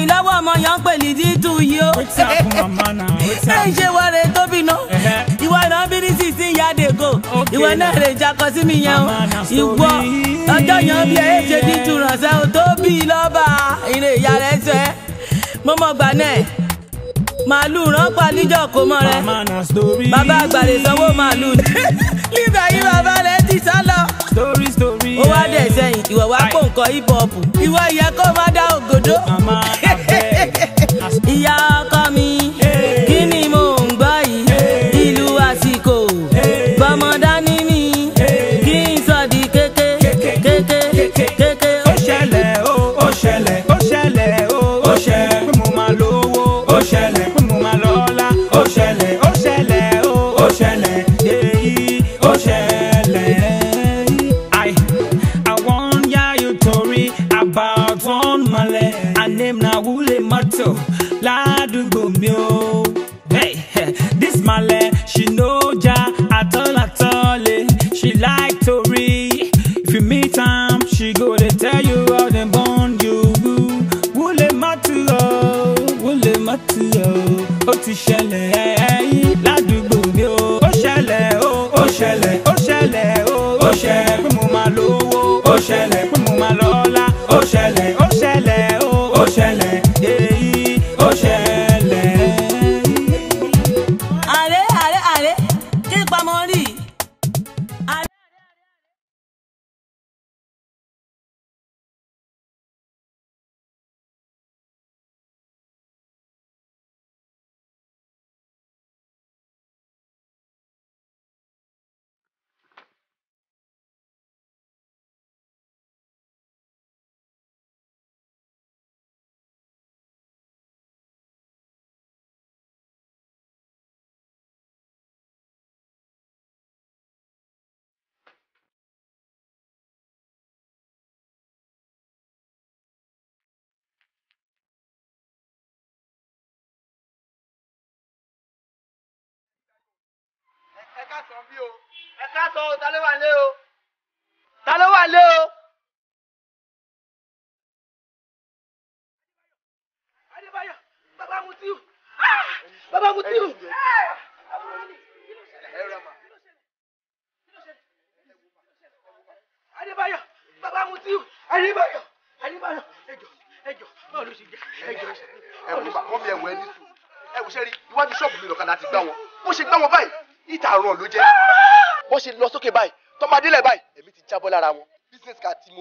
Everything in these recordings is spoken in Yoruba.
mi lọ́wọ́ ọmọ yẹn ń pè ní dídú yìí o. ẹ ń ṣe wọlé tóbi náà ìwọ náà bí ní sísìn yáde go ìwọ náà lè jakọ sí mi yẹn o ìwọ ọjọ́ yẹn bí ẹ ṣe dídú ránṣẹ́ o tóbi lọ́ba ìrè ìyá rẹ̀ sọ ẹ́ mọ́mọ́ gbà náà màálù ránpá níjọ́ kò mọ́ rẹ bàbá àgbàdo sanwó màálù nígbà yìí bàbá rẹ ti sá lọ story story. ó wá dẹ̀ sẹ́yìn ìwọ̀ wá kó nǹkan hip hop ìwọ ìyẹn kó má dá ògòdó. ìyá ọkọ mi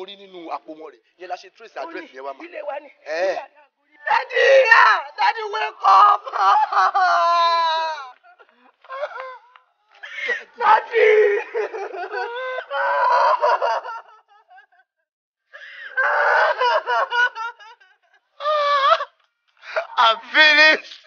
rí nínú àpò wọn rẹ̀ yẹn la ṣe trace address yẹn wá ma. ilé wa ni ilé àdáàgó ni. dadi ya ah, dadi wake up. dadi. I'm finished.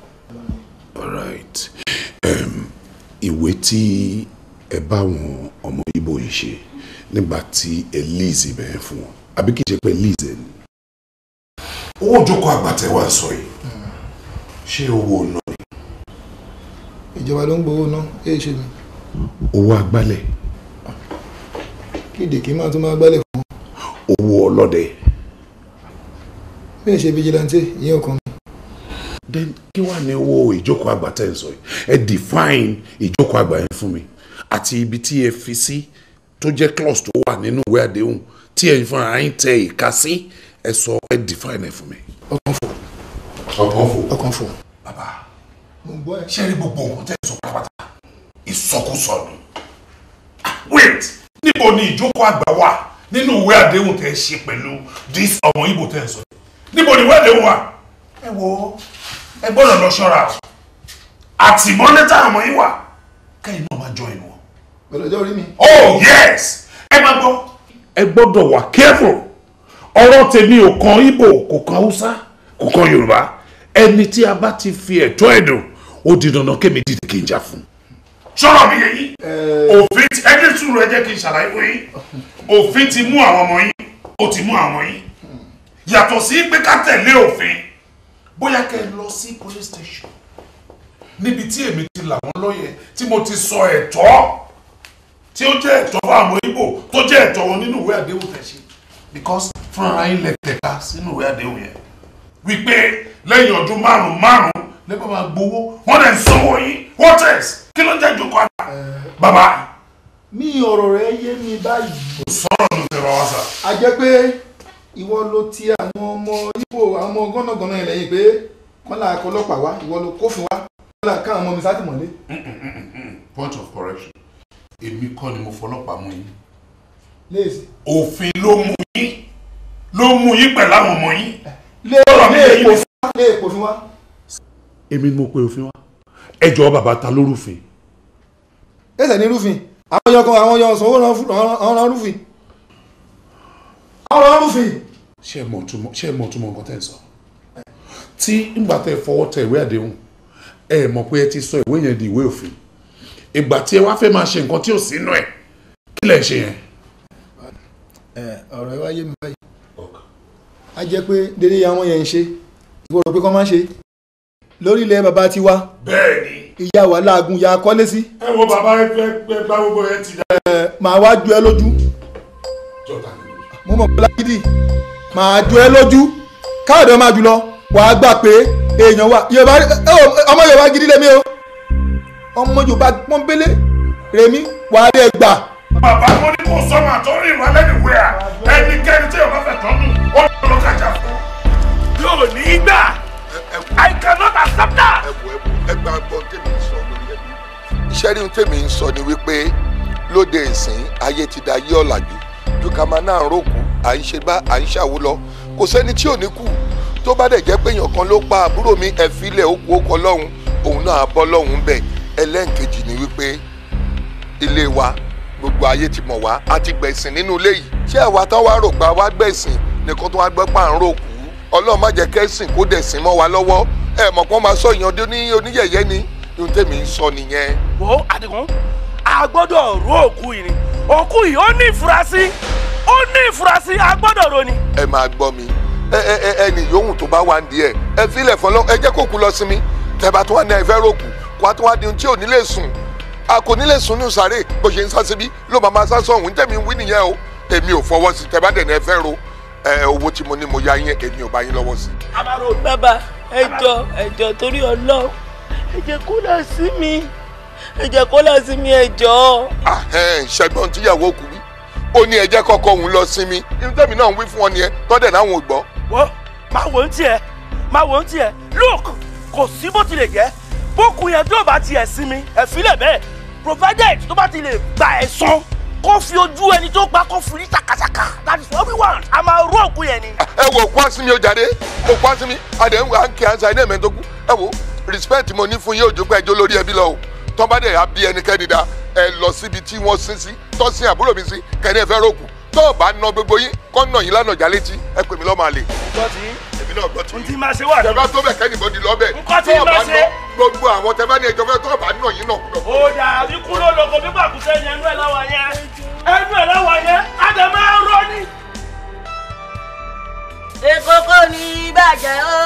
alright ìwé tí ẹ bá àwọn ọmọ ibo yìí ṣe nígbà tí ẹ lease ibẹ̀ yẹn fún wọn àbí kìí ṣe pé lease ẹ ni. owó ìjókòó àgbà tẹ́ wá sọ yìí ṣé owó náà ni. ìjọba ló ń gbowó náà èyí ṣe ni. owó agbálẹ̀. kí n máa tún máa gbálẹ̀ fún. owó ọlọ́dẹ. bí ẹ ṣe vigilante ìyẹn ò kàn then kí wàá ní owó ìjókòó àgbà tẹ̀ ń sọ yìí ẹ define ìjókòó àgbà yẹn fún mi àti ibi tí ẹ fi sí tó jẹ́ clause tó wà nínú ìwé àdéhùn tí ẹ fún ara yín tẹ ìka sí ẹ sọ ẹ define ẹ fún mi. ọkàn fò ọkàn fò ọkàn fò. bàbá mo gbọ́ ẹ. ṣé rí gbogbo nǹkan tẹ́ ẹ sọ pátápátá ìsọkúsọ ni ah, wait níbo ni ìjókòó àgbà wà nínú ìwé àdéhùn tẹ́ ẹ ṣe pẹ̀lú this ọmọ ibo tẹ́ ẹ sọ níbo ni ìwé àdéhùn wà. ẹ wo ẹ gbọ́dọ̀ lọ ṣọ́ra o àtìmọ́lé táwọn ọmọ yìí wà kẹ́yìn náà máa jọ ìlú wọn. pẹ̀lú ọjọ́ mi. oh yes ẹ máa gbọ́. ẹ gbọ́dọ̀ wà careful ọ̀rọ̀ tèmi ò kan Ìgbò kò kan Haúsá kò kan Yorùbá ẹni tí a bá ti fi ẹ̀tọ́ ẹ̀dùn ó di dandan kémi dìde kí n jà fún. sọ̀rọ̀ mi yẹn yìí òfin ti ẹni sùúrù ẹ jẹ́ kí n ṣàlàyé fún yín òfin ti mú àwọn ọmọ yín ó ti mú àwọn yín yàtọ̀ sí pé ká tẹ̀lé òfin bóyá kẹ́ ẹ lọ sí police station níbi tí èmi ti là wọ́n lóye tí mo ti sọ ẹ̀tọ́ tí ó jẹ́ ẹ̀tọ́ fún àwọn Ìgbò tó jẹ́ ẹ̀tọ́ wọn nínú ìwé àdéhùn tẹ̀sí because fúnra yín lẹ tẹ̀ka sínú ìwé àdéhùn yẹn wípé lẹ́yìn ọdún márùn-ún márùn-ún lẹ́gbẹ́ máa gbowó wọ́n dẹ̀ ń sanwó yín what else kí ló jẹ́ ìjókòó àná bàbá. mi ọ̀rọ̀ rẹ̀ yé mi báyìí. sọ̀rọ̀ ló tẹ̀ bá wá sà. a jẹ́ pé ìwọ ló ti àwọn ọmọ Ìgbò àwọn gánàgánà ilẹ̀ yìí pé kọ́lá akọlọ́pàá wá ìwọ ló kófin wá kọ́lá ká àwọn ọmọ mi sátìmọ́lé. point of correction èmi kọ́ ni mo fọlọ́pàá mú yín òfin ló mú yín ló mú yín pẹ̀lú àwọn ọmọ yín. lé èkó fún wa. èmi ni mo pe òfin wa ẹ jọ̀ọ́ bàbá ta lórúfin. ẹsẹ̀ ní rúfin àwọn yọkọ̀ àwọn yọ̀ sanwó rán rúfin ọ̀rọ̀ olúfin. ṣé ẹ mọ̀ túmọ̀ ṣé ẹ mọ̀ túmọ̀ nǹkan tẹ́ ń sọ tí ìgbà tẹ́ fọwọ́ tẹ ìwé àdéhùn ẹ mọ̀ pé ẹ ti sọ ìwé yẹn di ìwé òfin ìgbà tí ẹ wá fẹ́ máa ṣe nǹkan tí ò sínú ẹ̀ kí lẹ̀ ṣe yẹn. ọ̀rọ̀ ẹ wáyé mi báyìí a jẹ́ pé dédé àwọn yẹn ń ṣe ìgbọ́dọ̀ pé kọ́ máa ń ṣe lórí ilẹ̀ bàbá ti wá. bẹ́ẹ̀ni. ìyá wa láàgùn ya kọ́lé sí. ẹ wo bàbá ẹ fẹ́ gbá gbogbo ẹ ti dá. màá wá ju ẹ lójú mo mọ̀ bọ́lá gidi màá jọ ẹ lójú káàdọ̀ máa jù lọ wàá gbà pé èèyàn wa yorùbá ọmọ yorùbá gidi lèmi o ọmọ yorùbá pọ́nbélé rèmi wàá rí ẹ gbà. bàbá mo ní kó sọmọ àtọ́rí ìwà lẹ́nu ìwé à ẹnikẹ́ni tí yorùbá fẹ́ tọ́nu ó ń lọ kájà fún. yóò ní í gbà I cannot accept that. ẹ wo ẹ gba gbọ́n tèmi sọ lórí ẹbí. iṣẹ́ rí tèmi ń sọ ni wípé lóde ìsìn ayé ti da yí ọ̀làjú ju ká máa náà rògùn à ń ṣe bá à ń ṣàwó lọ kò sẹ́ni tí ò ní kú tó bá dẹ̀ jẹ́ pé èèyàn kan ló pa àbúrò mi ẹ̀fílẹ̀ ó kú ó kọ lọ́hùn òun náà bọ́ lọ́hùn bẹ̀ ẹlẹ́ǹkejì ni wípé ilé wa gbogbo ayé ti mọ̀ wá a ti gbẹ̀sìn nínú ilé yìí ṣé àwa tán wá rògbà wá gbẹ̀sìn nìkan tó wá gbọ́ pà ń ròkú ọlọ́run má jẹ́ kẹ́sìn kó dẹ̀sìn mọ́ wa lọ́wọ́ ẹ mọ̀ pọ́n máa sọ ìyànjú ní oníyẹ̀yẹ́ ni ohun tèmi ń sọ nìyẹn. wo Àdìgún a gbọ́dọ̀ ìrìn òkú yìí ó ní ìfurasí ó ní ìfurasí a gbọ́dọ̀ roni. ẹ máa gbọ́ mi ẹni yòówù tó bá wà ń díẹ̀ ẹ filẹ̀ fọlọ́ ẹ jẹ́ kó kú lọ sinmi tẹ̀bà tó wà ní ẹ̀fẹ́ rògbò kó a tó wà di ohun tí ò ní lè sùn a kò ní lè sùn ní sàárè bó ṣe ń sá síbí ló máa máa sá sọ̀hún tẹ̀mí wí nìyẹn o èmi ò fọwọ́ sí tẹ̀bà dẹ̀ ní ẹ̀fẹ́ ro owó tí mo ní mo ya yín èmi ò bá yín lọ́wọ́ sí. bàbá ẹjọ ẹjọ torí Ọlọ́run ẹ kú lọ sí mi ẹ̀jẹ̀ kọ́lá sí mi ẹ̀jọ́. Ah, ṣẹ́gbọ́n tíyàwó kù wí ó ní ẹ̀jẹ̀ kọ́kọ́ òun lọ sinmi irú tẹ̀mí náà ń wí fún ọ nìyẹn tọ́dẹ̀ láwọn ò gbọ́. wọ́n máa wò ó tiẹ̀ máa wò ó tiẹ̀ look kò sí bó tilẹ̀ jẹ́ bókun yẹn tó bá tiẹ̀ sinmi ẹ̀fílẹ̀ bẹ́ẹ̀ provided tó bá ti lè gba ẹ̀san kó fi ojú ẹni tó gbá kó fi ní takataka that is what we want a máa rú òkú yẹn ni. ẹ wo òkú àsinmi ojàde òkú àsinmi àdéhùn àǹkì àǹsà ilé mẹ́tọ́kù ẹ wo respect mo ní fún yín òjò pé ẹjọ́ lórí ẹbí lọ tọ́ba dẹ̀ yà bí ẹnikẹ́ni dá ẹ lọ síbi tí wọ́n sin sí tọ́sí àbúrò mi sí kẹ́ni ẹ fẹ́ rògùn tó o bá ná gbogbo yín kọ́ nà yín lánàá jalè tí ẹ pè mí lọ́mọ àlè. gbọ́ ti èmi náà gbọ́ ti. n ti máa ṣe wà ní. tẹ́fà tó bẹ̀ kẹ́ni bọ́dì lọ́bẹ̀. nkọ́ ti máa ṣe. gbogbo àwọn tẹ́fà ní ẹjọ́ fẹ́ tó o bá nà yín náà kúrò. ó dà ikú ló lọ kó bí pàkúṣe yẹn ẹnu ẹ̀ láwa yẹn ẹnu ẹ̀ láwa yẹn àdàmọ́ ẹ̀rọ ni. èkó kò ní bàjẹ́ o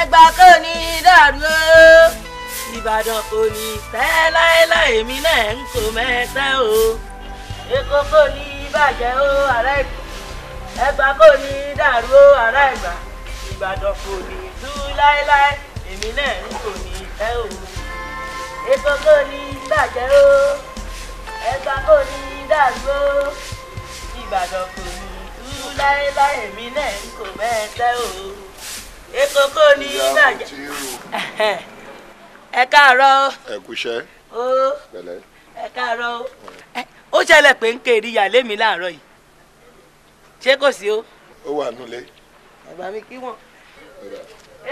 ẹgbà kò ní dàrú o ìbàdàn kò ní tẹ́ láéláé èmi náà ń kò mẹ́tẹ́ o èkó kò ní bàjẹ́ o ará èkó ẹgbà kò ní dàrú o ará ẹgbà ìbàdàn kò ní tú láéláé èmi náà ń kò ní tẹ́ o èkó kò ní bàjẹ́ o ẹgbà kò ní dàrú o ìbàdàn kò ní tú láéláé èmi náà ń kò mẹ́tẹ́ o èkó kò ní bàjẹ́. ẹ káàárọ̀. ẹ kúṣẹ́. o pẹ̀lẹ́. ẹ káàárọ̀ o. ó ṣẹlẹ̀ pé ń kéré ìyàlẹ́ mi láàárọ̀ yìí ṣé kò sí o. ó wà nulẹ̀. bàbá mi kí wọn.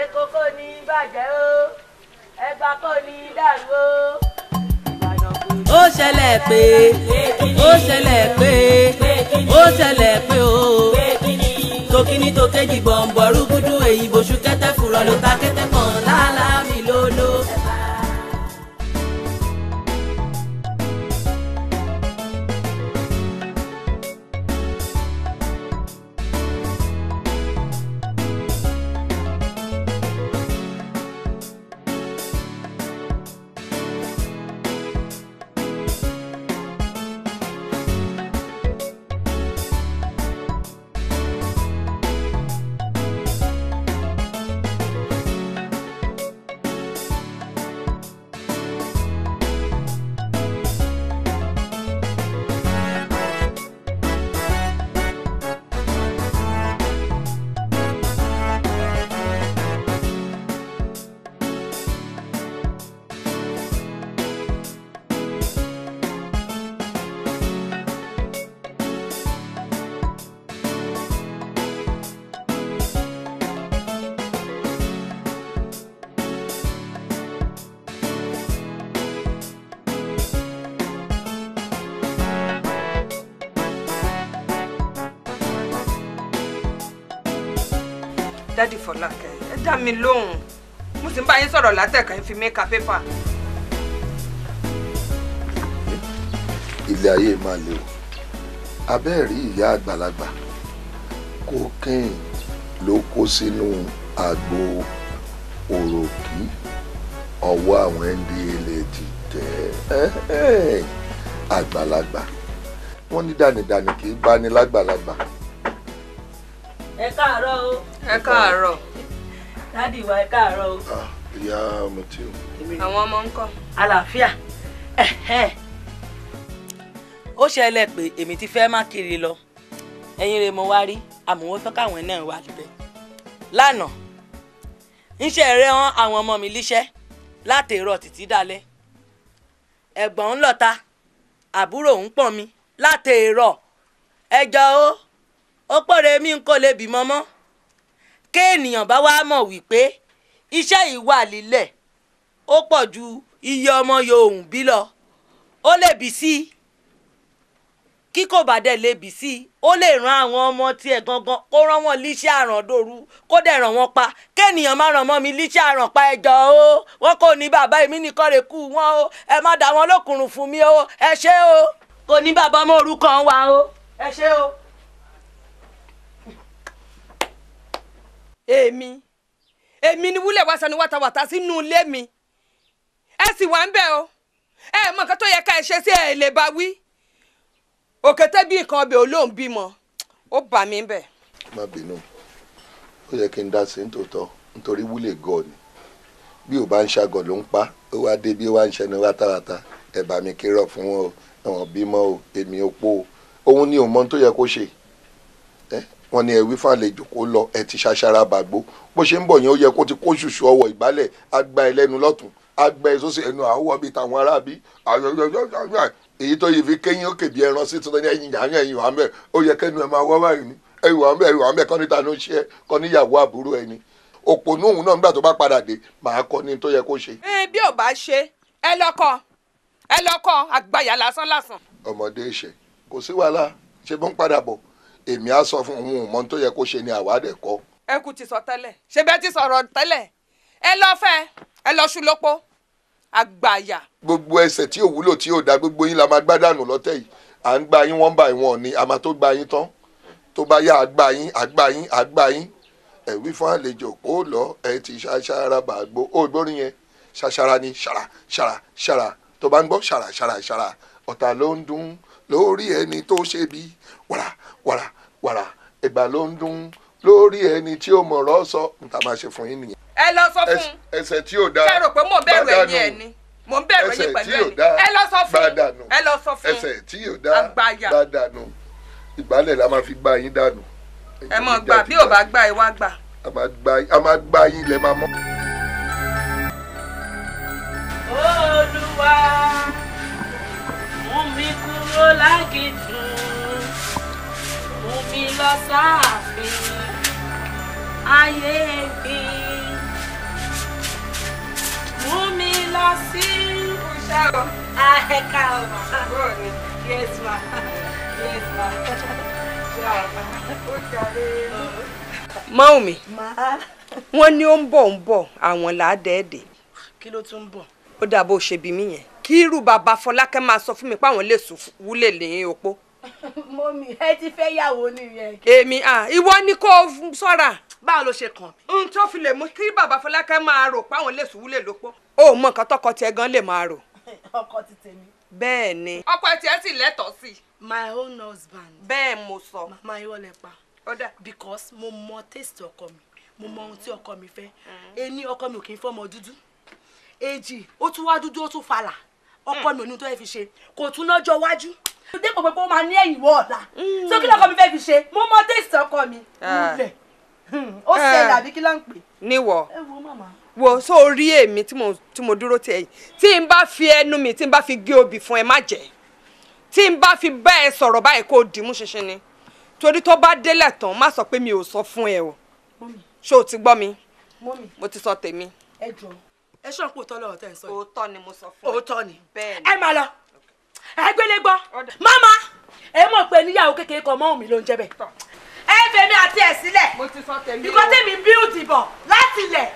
èkó kò ní bàjẹ́ o ẹgbà kò ní dàrú o. ó ṣẹlẹ̀ pé ó ṣẹlẹ̀ pé ó ṣẹlẹ̀ pé o tokini tó kéjì bọ̀m̀bọ̀rú gúdú èyí bòṣù kẹ́tẹ́ fúrọ̀ ló ta kẹ́tẹ́ kan lálàá mi lóló. mi lóhùn mo sì ń bá yín sọ̀rọ̀ látẹ̀kẹ́ ń fi mí pépà. ilé ayé máa le o abẹ́ rí ìyá àgbàlagbà kokéèn ló kó sínú àgbo òròkì ọwọ́ àwọn nda lè ti àgbàlagbà wọ́n ní dànìdànì kì í bá ní lágbàlagbà. ẹ káàárọ̀ o. ẹ káàárọ̀ dádì wa káàárọ̀ o. Ah, ìyá mo ti o. àwọn ọmọ ń kọ́. àlàáfíà ó ṣẹlẹ̀ pé èmi ti fẹ́ má kiri lọ ẹ̀yin rẹ̀ mo wá rí àmọ́ fẹ́ káwọn náà wà níbẹ̀ lánàá ńṣe rẹ hàn àwọn ọmọ mi líṣẹ́ látèrọ títí dalẹ́ ẹ̀gbọ́n ń lọ́ta àbúrò ń pọ̀n mi látèrọ ẹjọ́ ó ó pọ̀rẹ́ mi ń kò lè bímọ mọ́ kéènìyàn bá wá mọ̀ wípé iṣẹ́ yìí wà lílẹ̀ ó pọ̀ ju iye ọmọ yòówù bí lọ ó lè bí sí kí kò bá dẹ̀ lè bí sí ó lè ran àwọn ọmọ tiẹ̀ gangan kó rán wọn líṣẹ́ àràndòru kó dẹ̀ ràn wọ́n pa kéènìyàn má ràn mọ́ mi líṣẹ́ àrànpa ẹjọ́ o wọn kò ní bàbá èmi nìkan rè kú wọn o ẹ má dà wọn lókùnrùn fún mi o ẹ ṣé o kò ní bàbá ọmọ òrukàn wa o ẹ ṣé o. èmi èmi ni wúlẹ̀ wá sanu wátawàtà sínú ilé mi ẹ sì wá o ẹ mọ nǹkan tó yẹ ká ẹ ṣe sí ẹ ba wí òkété bí nǹkan ọbẹ̀ olóhùn bímọ ó bà mí bẹ̀. má bínú ó yẹ kí n dá sí nítòótọ́ nítorí wúlẹ̀ gọ̀ ni bí ò bá ń ṣàgọ̀ ló ń pa ó wá dé bí ó wá o bímọ o o ni òun mọ tó yẹ wọ́n ní ẹwí fàlejò kó lọ ẹ ti ṣàṣàrà bàgbó bó ṣe ń bọ̀ yẹn ó yẹ kó ti kó ṣùṣù ọwọ́ ìgbálẹ̀ àgbà ẹlẹ́nu lọ́tún àgbà ìsọsẹ ẹnu àwọ bíi tàwọn aráàbí èyí tó yẹ fi kéyìn ó kèbí ẹran sí tuntun ní ẹ̀yìn ìyá ẹ̀yìn wà mẹ ó yẹ kẹnu ẹ máa wá báyìí ni ẹ̀yìn wà mẹ ẹ̀yìn wà mẹ kọ́ni ta ló ń ṣe kọ́ni ìyàwó àbúrò ẹni òpònú òun náà nígbà tó bá padà dé màá kọ́ ni tó yẹ kó ṣe. bí ò bá ṣe ẹ lọkọ ẹ lọkọ àgbàyà lásán lásán. ọmọdé ṣe kò sí wàhálà ṣe bó ń padà bọ̀ èmi á sọ fún òun mọ tó yẹ kó ṣe ni àwádẹ kọ. ẹ kù ti sọ tẹ́lẹ̀ ṣé bẹ́ẹ̀ ti sọ̀rọ̀ tẹ́lẹ̀ ẹ lọ fẹ́ ẹ lọ ṣú lópo àgbàyà. gbogbo ẹsẹ̀ tí ò wúlò tí ò dá gbogbo yín la máa gbádànù lọ́tẹ̀ yìí à ń gba yín wọ́n bá ìwọ̀n ni àmà tó gba yín tán tó bá yá àgbà yín àgbà yín àgbà yín ẹ wí fún àlejò kó lọ ẹ ti ṣàṣàrà bàgbó ó gbórí yẹn ṣàṣàrà ni ṣàrà ṣàrà ṣàrà tó bá ń gbọ́ ṣàrà ṣàrà ṣàrà ọ̀tà ló ń dún lórí ẹni tó ṣe bí wàrà wàrà wàrà ìgbà ló ń dún lórí ẹni tí ó mọ̀rọ̀ sọ níta máa ṣe fún yín nìyẹn. ẹ lọ sọ fún un tí ò dáa ṣe rò pé mò ń bẹ̀rù ẹ̀yìn ẹ̀ ni mò ń bẹ̀rù ẹ̀yìn pẹ̀lú ẹ̀yìn ẹ lọ sọ fún un ẹ tí ò dáa bá dànù ìgbálẹ̀ la máa fi gbá yín dànù. ẹ mọ̀ gbà bí ò bá gbà ẹ wá gbà. a máa gbá yín lẹ máa mọ́. lọ sáàfin ayé mi mú mi lọ sí ní ó ń bọ̀ ń bọ̀ àwọn làádẹ́ẹ̀dẹ́. Kí ló tún ń Ó dà ṣe bí mí yẹn. Kí irú bàbá Fọlákẹ́ máa sọ fún mi pé àwọn lè sùn wúlé lẹ́yìn opó. mọ́mí ẹ ti fẹ́ yàwó nìyẹn. èmi ìwọ ni kò sọ́ra. báwo ló ṣe kàn mí. n tó fi lè mú kí bàbá fọlákẹ́ máa rò páwọn lè sùwúlẹ̀ lóko. ó mọ nǹkan tọkọ tiẹ̀ gan lè máa rò. ọkọ ti tèmi. bẹ́ẹ̀ ni. ọkọ tiẹ̀ sì lẹ́tọ̀ọ́ sí. my own husband. bẹ́ẹ̀ mo sọ. màmá irọ́ lẹ pa. ọ̀dà. because mo mọ taste ọkọ mi mo mọ ohun tí mm. ọkọ mi fẹ́. Mm. ení ọkọ mi ò kì í fọmọ dúdú. èjì ó tún wá dúdú ó tún falà ọkọ mm. mi ò ní tó yẹ fi ṣe kò tún lọ́jọ́ wájú dépò pé kó máa ní ẹ̀yìn wọ ọ̀la hmm. so kí lọkọ mi fẹ́ fi ṣe mo mọ taste ọkọ mi ah. nílẹ̀ hmm. ó ṣẹlẹ̀ eh. àbí kí ló ń pè. níwọ̀ wo so rí èmi tí mo dúró tiẹ̀ yìí tí n bá fi ẹnu mi tí n bá fi gé obì fún ẹ má jẹ́ tí n bá fi bá ẹ sọ̀rọ̀ báyìí kó o dìímú ṣinṣin ni torí tó bá délẹ̀ tán má sọ pé mi ò sọ fún ẹ o ṣé o ti gbọ́ mi mo ti sọ tèmi. ẹ jọ ẹ ṣọ́n kò tọ́ lọ́wọ́ tẹ́ ẹ sọ yìí. òótọ́ ni mo sọ fún ẹ. òótọ́ ni bẹ́ẹ̀ ni. ẹ máa lọ ẹgbẹ́lẹ́gbọ́ mama ẹ mọ̀ pé níyàwó kékeré kan mọ́hùn mi ló ń jẹ́ bẹ̀. ẹ fèmi àti ẹ sílẹ̀ ìkọ́ tèmi bíútì bọ̀ láti ilẹ̀.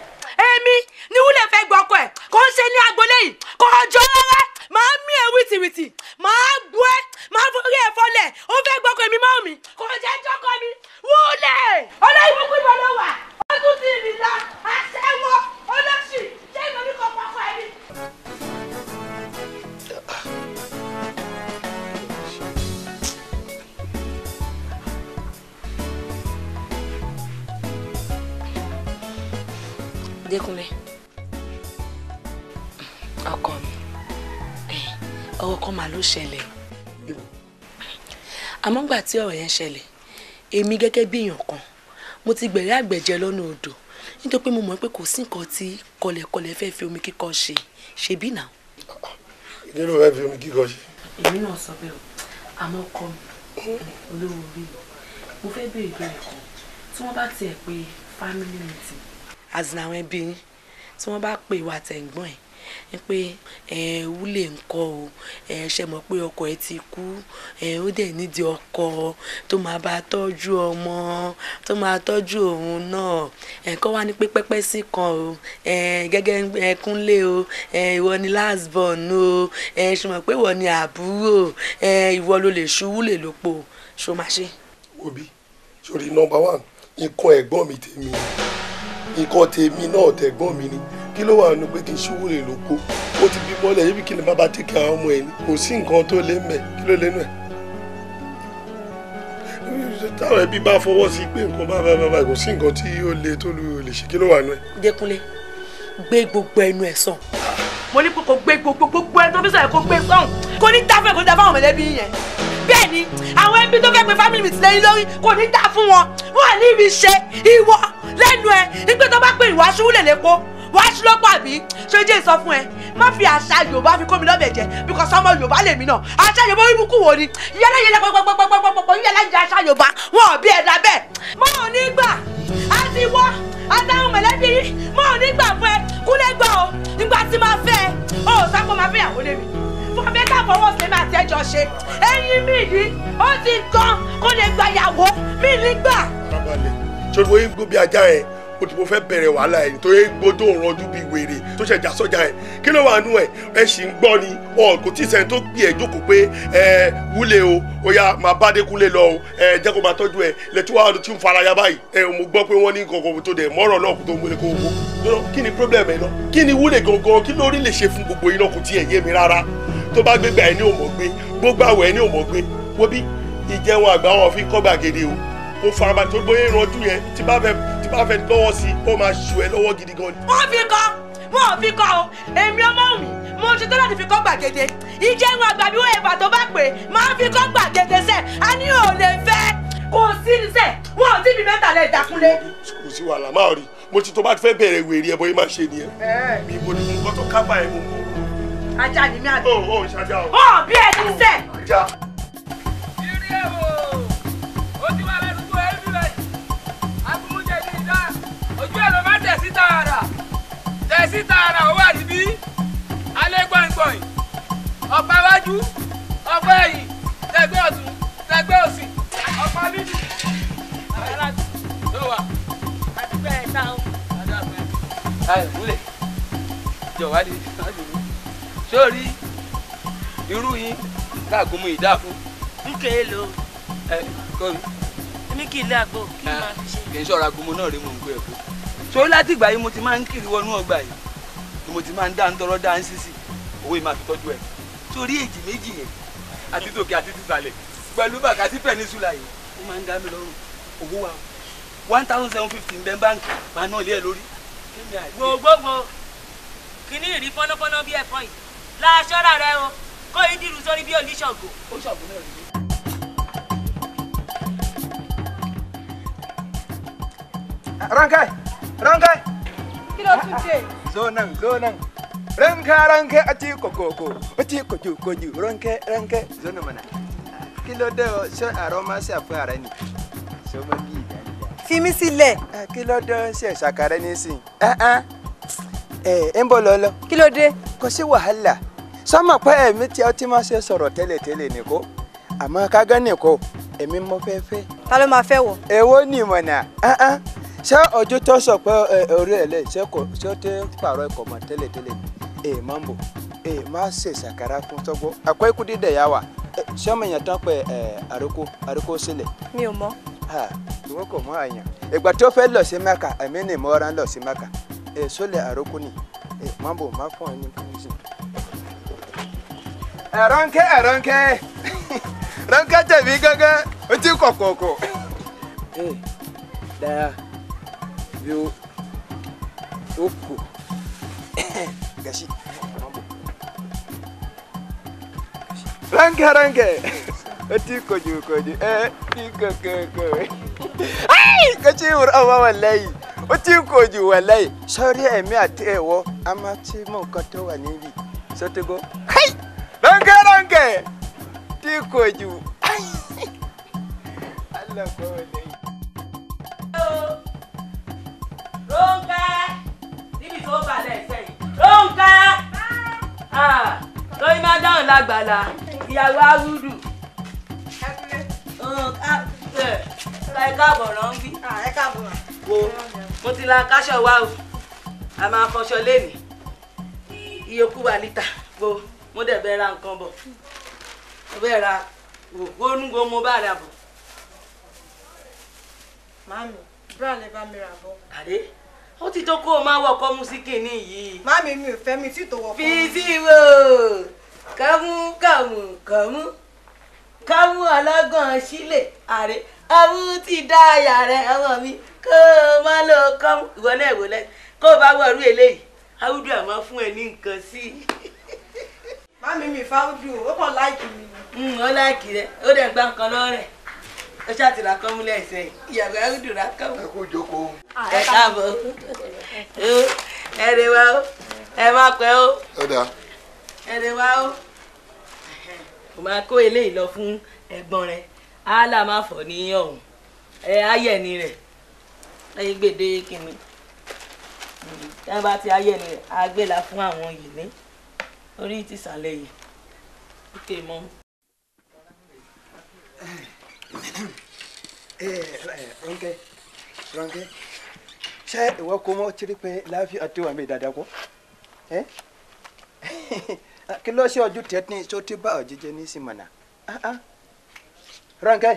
èmi ni wúlẹ̀ fẹ́ gbọ́kọ̀ ẹ̀ kò ń ṣe ní agboolé yìí kò jọ rárá màá mí ẹ wìtìwìtì màá gbó ẹ màá forí ẹ fọlẹ̀ ó fẹ́ gbọ́kọ̀ èmi mọ́hùn mi kò jẹ́ jọ́kọ mi wúlẹ̀. ọlọ́yin gbogbo ìbọn ló wà ó tún ti ìrìlá àṣẹwọ́ olóṣì ṣé ìmọ̀ ní kò pọ̀ fún ẹ Adékúnlé ọkọ mi ọwọ́ kan mà ló ṣẹlẹ̀ àmọ́ gbà tí ọ̀rọ̀ yẹn ṣẹlẹ̀ èmi gẹ́gẹ́ bí èèyàn kan mo ti gbẹ̀rẹ́ àgbẹ̀jẹ lọ́nà odò nítorí pé mo mọ̀ pé kò sí nǹkan tí kọlẹ̀kọlẹ̀ fẹ́ fi omi kíkọ ṣe ṣe bí náà. ìdí ló fẹ́ fi omi kíkọ ṣe. èmi náà sọ bẹ́ẹ̀ o àmọ́ ọkọ mi olówó orí mi mo fẹ́ béèrè ìbéèrè kan tí wọ́n bá tiẹ̀ pé family meeting àzìn àwọn ẹbí yín tí wọ́n bá pè wá tẹ̀gbọ́n ẹ̀ ń pé wúlé ńkọ́ o ṣe mọ̀ pé ọkọ ẹ ti kú ó dẹ̀ nídìí ọkọ tó máa bá tọ́jú ọmọ tó máa tọ́jú òun náà ẹ̀kọ́ wá ní pé sí kan o gẹ́gẹ́ ẹkúnlé o ìwọ ni last born o ṣe mọ̀ pé ìwọ ni àbúrò ìwọ ló lè ṣubú lè lòpọ̀ ṣo máa ṣe. obi sori number one nǹkan ẹ̀gbọ́n mi tèmi nǹkan tèmi náà tẹ̀gbọ́n mi ni kí ló wà nínú pé kí n ṣíwó lè lóko ó ti bí mọ́lẹ̀ yébí kí ni bàbá tèkè àwọn ọmọ ẹ̀ ni kò sí nǹkan tó lé mẹ́ kí ló lẹ́nu ẹ̀. táwọn ẹbí bá fọwọ́ sí pé nǹkan bá bá bá kò sí nǹkan tí ó le tó lu lè ṣe kí ló wà nínú ẹ̀. Dékúnlé gbé gbogbo ẹnu ẹ̀ sàn mo ní kò gbé gbogbo gbogbo ẹ tó fi sọ̀rọ̀ kò gbé sọ̀hún kò ní ta fún ẹ kò ní ta fún àwọn mọ̀lẹ́bí yẹn bẹ́ẹ̀ ni àwọn ẹbí tó fẹ́ pe family mi sílẹ̀ yín lórí kò ní ta fún wọn wọn à lẹ́nu ẹ nígbà tó bá pè wá ṣubú lè lépo wá ṣú lọ́pọ̀ àbí ṣé jẹ́ ìsọ fún ẹ má fi àṣà yorùbá fi kó mi lọ́bẹ̀ jẹ because ọmọ yorùbá lèmi náà àṣà yorùbá orí bukú wo ni yẹlẹ yẹlẹ pọpọpọpọpọpọ yẹlẹ jẹ àṣà yorùbá wọn ò bí ẹ̀dá bẹ́ẹ̀ mọ ò ní gbà á ti wọ́ àtàwọn mẹ̀lẹ́bí yìí mọ ò ní gbà fún ẹ kúlẹ̀ gbọ́ o nígbà tí máa fẹ́ ẹ ó sápọ̀ máa fẹ́ ìyàwó lé mi fún mi ká fọwọ́ sí mi àti ẹjọ́ ṣe ẹyin mi yìí ó ti gan kó lè gba ìyàwó mi nígbà. alábàálẹ̀ ṣòro bóyá gbó bí ajá yẹn o ti mo fẹ́ bẹ̀rẹ̀ wàhálà ẹ̀ tó yẹ gbó tó ń ranjú bíi wèrè tó ṣẹ̀jà sọ́jà ẹ̀ kí ló wà nú ẹ̀ ẹ sì ń gbọ́ ni ọ̀ kò tí ì sẹ́ni tó gbé ẹ̀ jókòó pé ẹ wúlé o ó yá máa bá dékúlé lọ o ẹ jẹ́ kó máa tọ́jú ẹ lẹ́tí wàá tí ń fara ya báyìí ẹ mo gbọ́ pé wọ́n ní kankan tó dẹ̀ mọ́rọ̀ náà kó tó múlẹ̀ kó wó kí ni problem ẹ̀ náà kí ni wúlé gangan kí lórí lè ṣe fún gbogbo o mo farabalẹ̀ tó gbóyè ìrànjú yẹn tí bá fẹ́ tí bá fẹ́ lọ́wọ́ sí i ó máa ṣù ẹ́ lọ́wọ́ gidi gan ni. wọ́n fi kọ́ wọ́n fi kọ́ o èmi ọmọ mi mo ti tó láti fi kọ́ gbàgede ìjẹun àgbà bí wọ́n ẹ̀fà tó bá pè máa fi kọ́ gbàgede sẹ́ a ní ò lè fẹ́ kò sí ní sẹ́ wọn ò tí mi mẹ́ta lẹ̀ dákúnlé. kò sí wàhálà máa rí mo ti tó bá fẹ́ bẹ̀rẹ̀ wèrè ẹ̀ bọ́yé máa ṣe nìyẹn. mi kò ní kó tó kábà ẹ̀ mọ̀. ajá ni mi àgbẹ̀. ó ó ṣàjà o. ó bí ẹni sẹ́. ajá. ìrẹ́ o. tẹ̀sí tààrà tẹ̀sí tààrà ó wà níbí alẹ́ gbọ̀ngbọ̀n ọ̀pá wájú ọ̀pá ẹ̀yìn tẹ̀gbẹ́ ọ̀tún tẹ̀gbẹ́ òsì ọ̀pá méjì àyàrá ló jọ̀wá lè ṣáájú sórí irú yín láàgó mu ìdá fún. n kèé lo. ẹ kọ́ mi. èmi kì í lé àgbo kí n máa fi ṣe. kì í ṣọ́ra agomo náà rí mò ń gbé ẹ̀kọ́ torí láti ìgbà yìí mo ti máa ń kiri wọnú ọgbà yìí ni mo ti máa ń dá ń tọrọ dá ń sísì owó yìí máa fi tọ́jú ẹ̀ torí èjì méjì yẹn àti tòkè àti tìsàlẹ̀ pẹ̀lú bàkàtí pẹ̀nísùlà yìí ó máa ń dá mi lọ́rùn owó wa one thousand seven fifty bẹ́ẹ̀ báńkì máa ná ilé ẹ̀ lórí. gbogbogbò kìíní ìrí fọ́nàfọ́nà bí ẹ̀fọ́ yìí láṣọ́ra rẹ o kó yín dìrú sórí bí oníṣọ̀gbò. ó ranka kilo tun ah, ah. ce zo nan zo nan ranka ranka a ti kokoko a ti koju koju ranka ranka zo nan mana kilo da ṣe àrọ máa ṣe àfihàn ni ṣe ó máa bí ìgbà nígbà. fi mí sílẹ̀. kí ló dé ṣe ṣàkàrẹ́ nísìn. ẹ ń bọ̀ lọ́lọ́. kí ló dé. kò sí wàhálà sọmọ pé ẹ̀mí tí ọtí máa ṣe sọ̀rọ̀ tẹ́lẹ̀tẹ́lẹ̀ ni kó àmọ́ kágán ni kó ẹ̀mí mo fẹ́ fẹ́. ta ló máa fẹ́ wọ. èwo ni mọ̀nà ṣé ọjọ́ tó sọ pé orí ẹ̀ lẹ̀ ṣé ó ti pààrọ̀ ẹ̀kọ́ mọ̀ tẹ́lẹ̀tẹ́lẹ̀ ẹ̀ máa ń bọ̀ ẹ̀ máa ṣe ṣàkàrà fún tọ́gbọ́ àkọ́ ikú dídẹ̀ yà wà ṣé ọmọ èèyàn tán pé àríkó àríkó sílẹ̀. mi ò mọ. ìwọ kò mọ àyàn ìgbà tó fẹ́ lọ sí mẹ́ka ẹ̀mí ni mo rán lọ sí mẹ́ka ẹ̀ àríkó ni ẹ̀ máa bọ̀ máa fún ẹ ní vyo ofko gashi range range tiko juko ji eh tiko koko ai kace wur amma wallahi o tiko wallahi sorry e mi atewo ama mo kan to wa níbí so to go hai range range tiko ai Allah ko wallahi Ronke níbi tó balẹ̀ sẹ́yìn Ronke lórí máa dáhùn lágbàlá ìyàwó arúdù ẹ káàbọ̀ rán bí wo mo ti la káṣọ wá o a máa fọṣọ lénìí iyeku wa níta wo mo dẹ̀ bẹ́ẹ̀ ra nǹkan bọ̀ mo bẹ́ẹ̀ ra wò gbónúgbó mo bá ra bọ̀. màámi bra lè bá mi rà bọ̀. àdé ó ti tó kó o máa wọkọ mú sí kìnìún yìí. màmí mi ò fẹ́ mi tí tó wọkọ mú. fi sí wo kàmú kàmú kàmú kàmú ọlọ́gàn sílẹ̀ àrẹ ọmú ti dá àyà rẹ ọmọ mi kó o má lọ kọ́mú. ìwọ náà ìwọ lẹ kó o bá wọrú eléyìí áwùdù àmọ́ fún ẹ ní nǹkan sí i. màmí mi fáwùdù ó kàn láìkì mi. Hmm, ó láìkì rẹ ó dẹ̀ gbá nǹkan lọ́rẹ̀ ó ṣàtìlá kán múlẹ̀ ẹ̀sẹ̀ ìyàgbẹ́ àrùdùrà kán. ẹ kú jókòó. ẹ káàbọ̀ ẹ lè wá o ẹ má pẹ́ o ẹ lè wá o. mo máa kó eléyìí lọ fún ẹ̀gbọ́n rẹ̀ áálà má fọ̀ ní ọ̀hún ẹ ayẹ̀ni rẹ̀ ẹ gbèdé kìnnì tí wọ́n bá ti ayẹ̀ni rẹ̀ á e la fún àwọn yìí ní orí tìsàlẹ̀ yìí ó kè Eh, eh, Ronke Ronke ṣé ìwọ kò mọ̀ tiri pé láàfin àti wà mí dáadáa kọ́ kí ló ṣe ojú tẹ ní tó ti bá òjijì ní simana ah, ah. Ronke.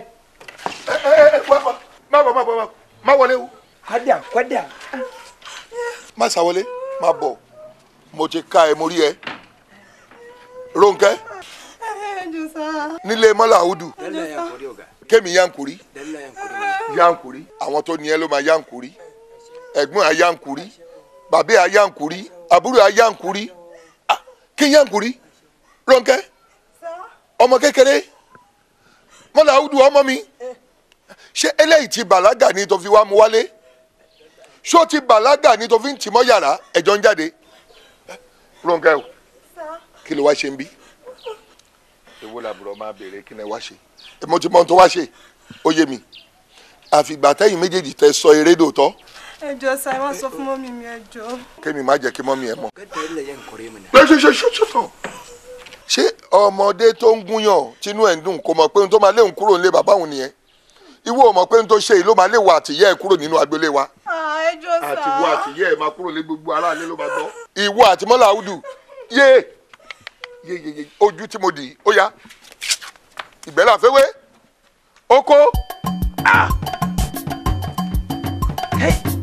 má bọ̀ má bọ̀ má wọlé o. kọ́dà kọ́dà. ma ṣàwọlé ma. bọ̀ mo ti ka ẹ mo rí ẹ Ronke. Eh, nílé mọ́lá àwùdù. lẹ́lẹ́ ẹ̀ kọ́ rí ọ̀gá kémi yankuri yankuri àwọn tó ní ẹ ló máa yankuri ẹ̀gbọ́n a yankuri bàbá a yankuri àbúrò a yankuri kí yankuri Rónkẹ́ ọmọ kékeré mọ́lá àwùjọ ọmọ mi ṣé eléyìí ti bàlágà ni tó fi wá mu wálé ṣó ti bàlágà ni tó fi ń tì mọ́ yàrá ẹ̀jọ́ ń jáde Rónkẹ́ o kí ló wá ṣe ń bí èwo làbúrò máa béèrè kí ni wá ṣe mo ti mọ ohun tó wá ṣe ó yé mi àfìgbà tẹ́yìn méjèèjì tẹ sọ eré dòótọ́. ẹ jọ sa ẹ wá sọ fún mọ́mí mi ẹ jọ. kémi má jẹ́ kí mọ́mí ẹ mọ̀. ṣé ọmọdé tó ń gúnyàn tínú ẹ̀ ń dùn kò mọ̀ pé ohun tó máa léwu kúrò nílé bàbá òun nìyẹn ìwọ ò mọ̀ pé ohun tó ṣe yìí ló máa léwu àtìyẹ́ ẹ̀ kúrò nínú agboolé wa. Ah, ẹ jọ sa àtiwọ àtìyẹ́ ẹ̀ máa kúrò lé gbogbo aráàlú ló máa gbọ́. ìwọ àti mọ́lá àwùdù yé ojú tí mo dì í ó yá ìgbẹ́là fẹ́wé oko. Ah! Hey.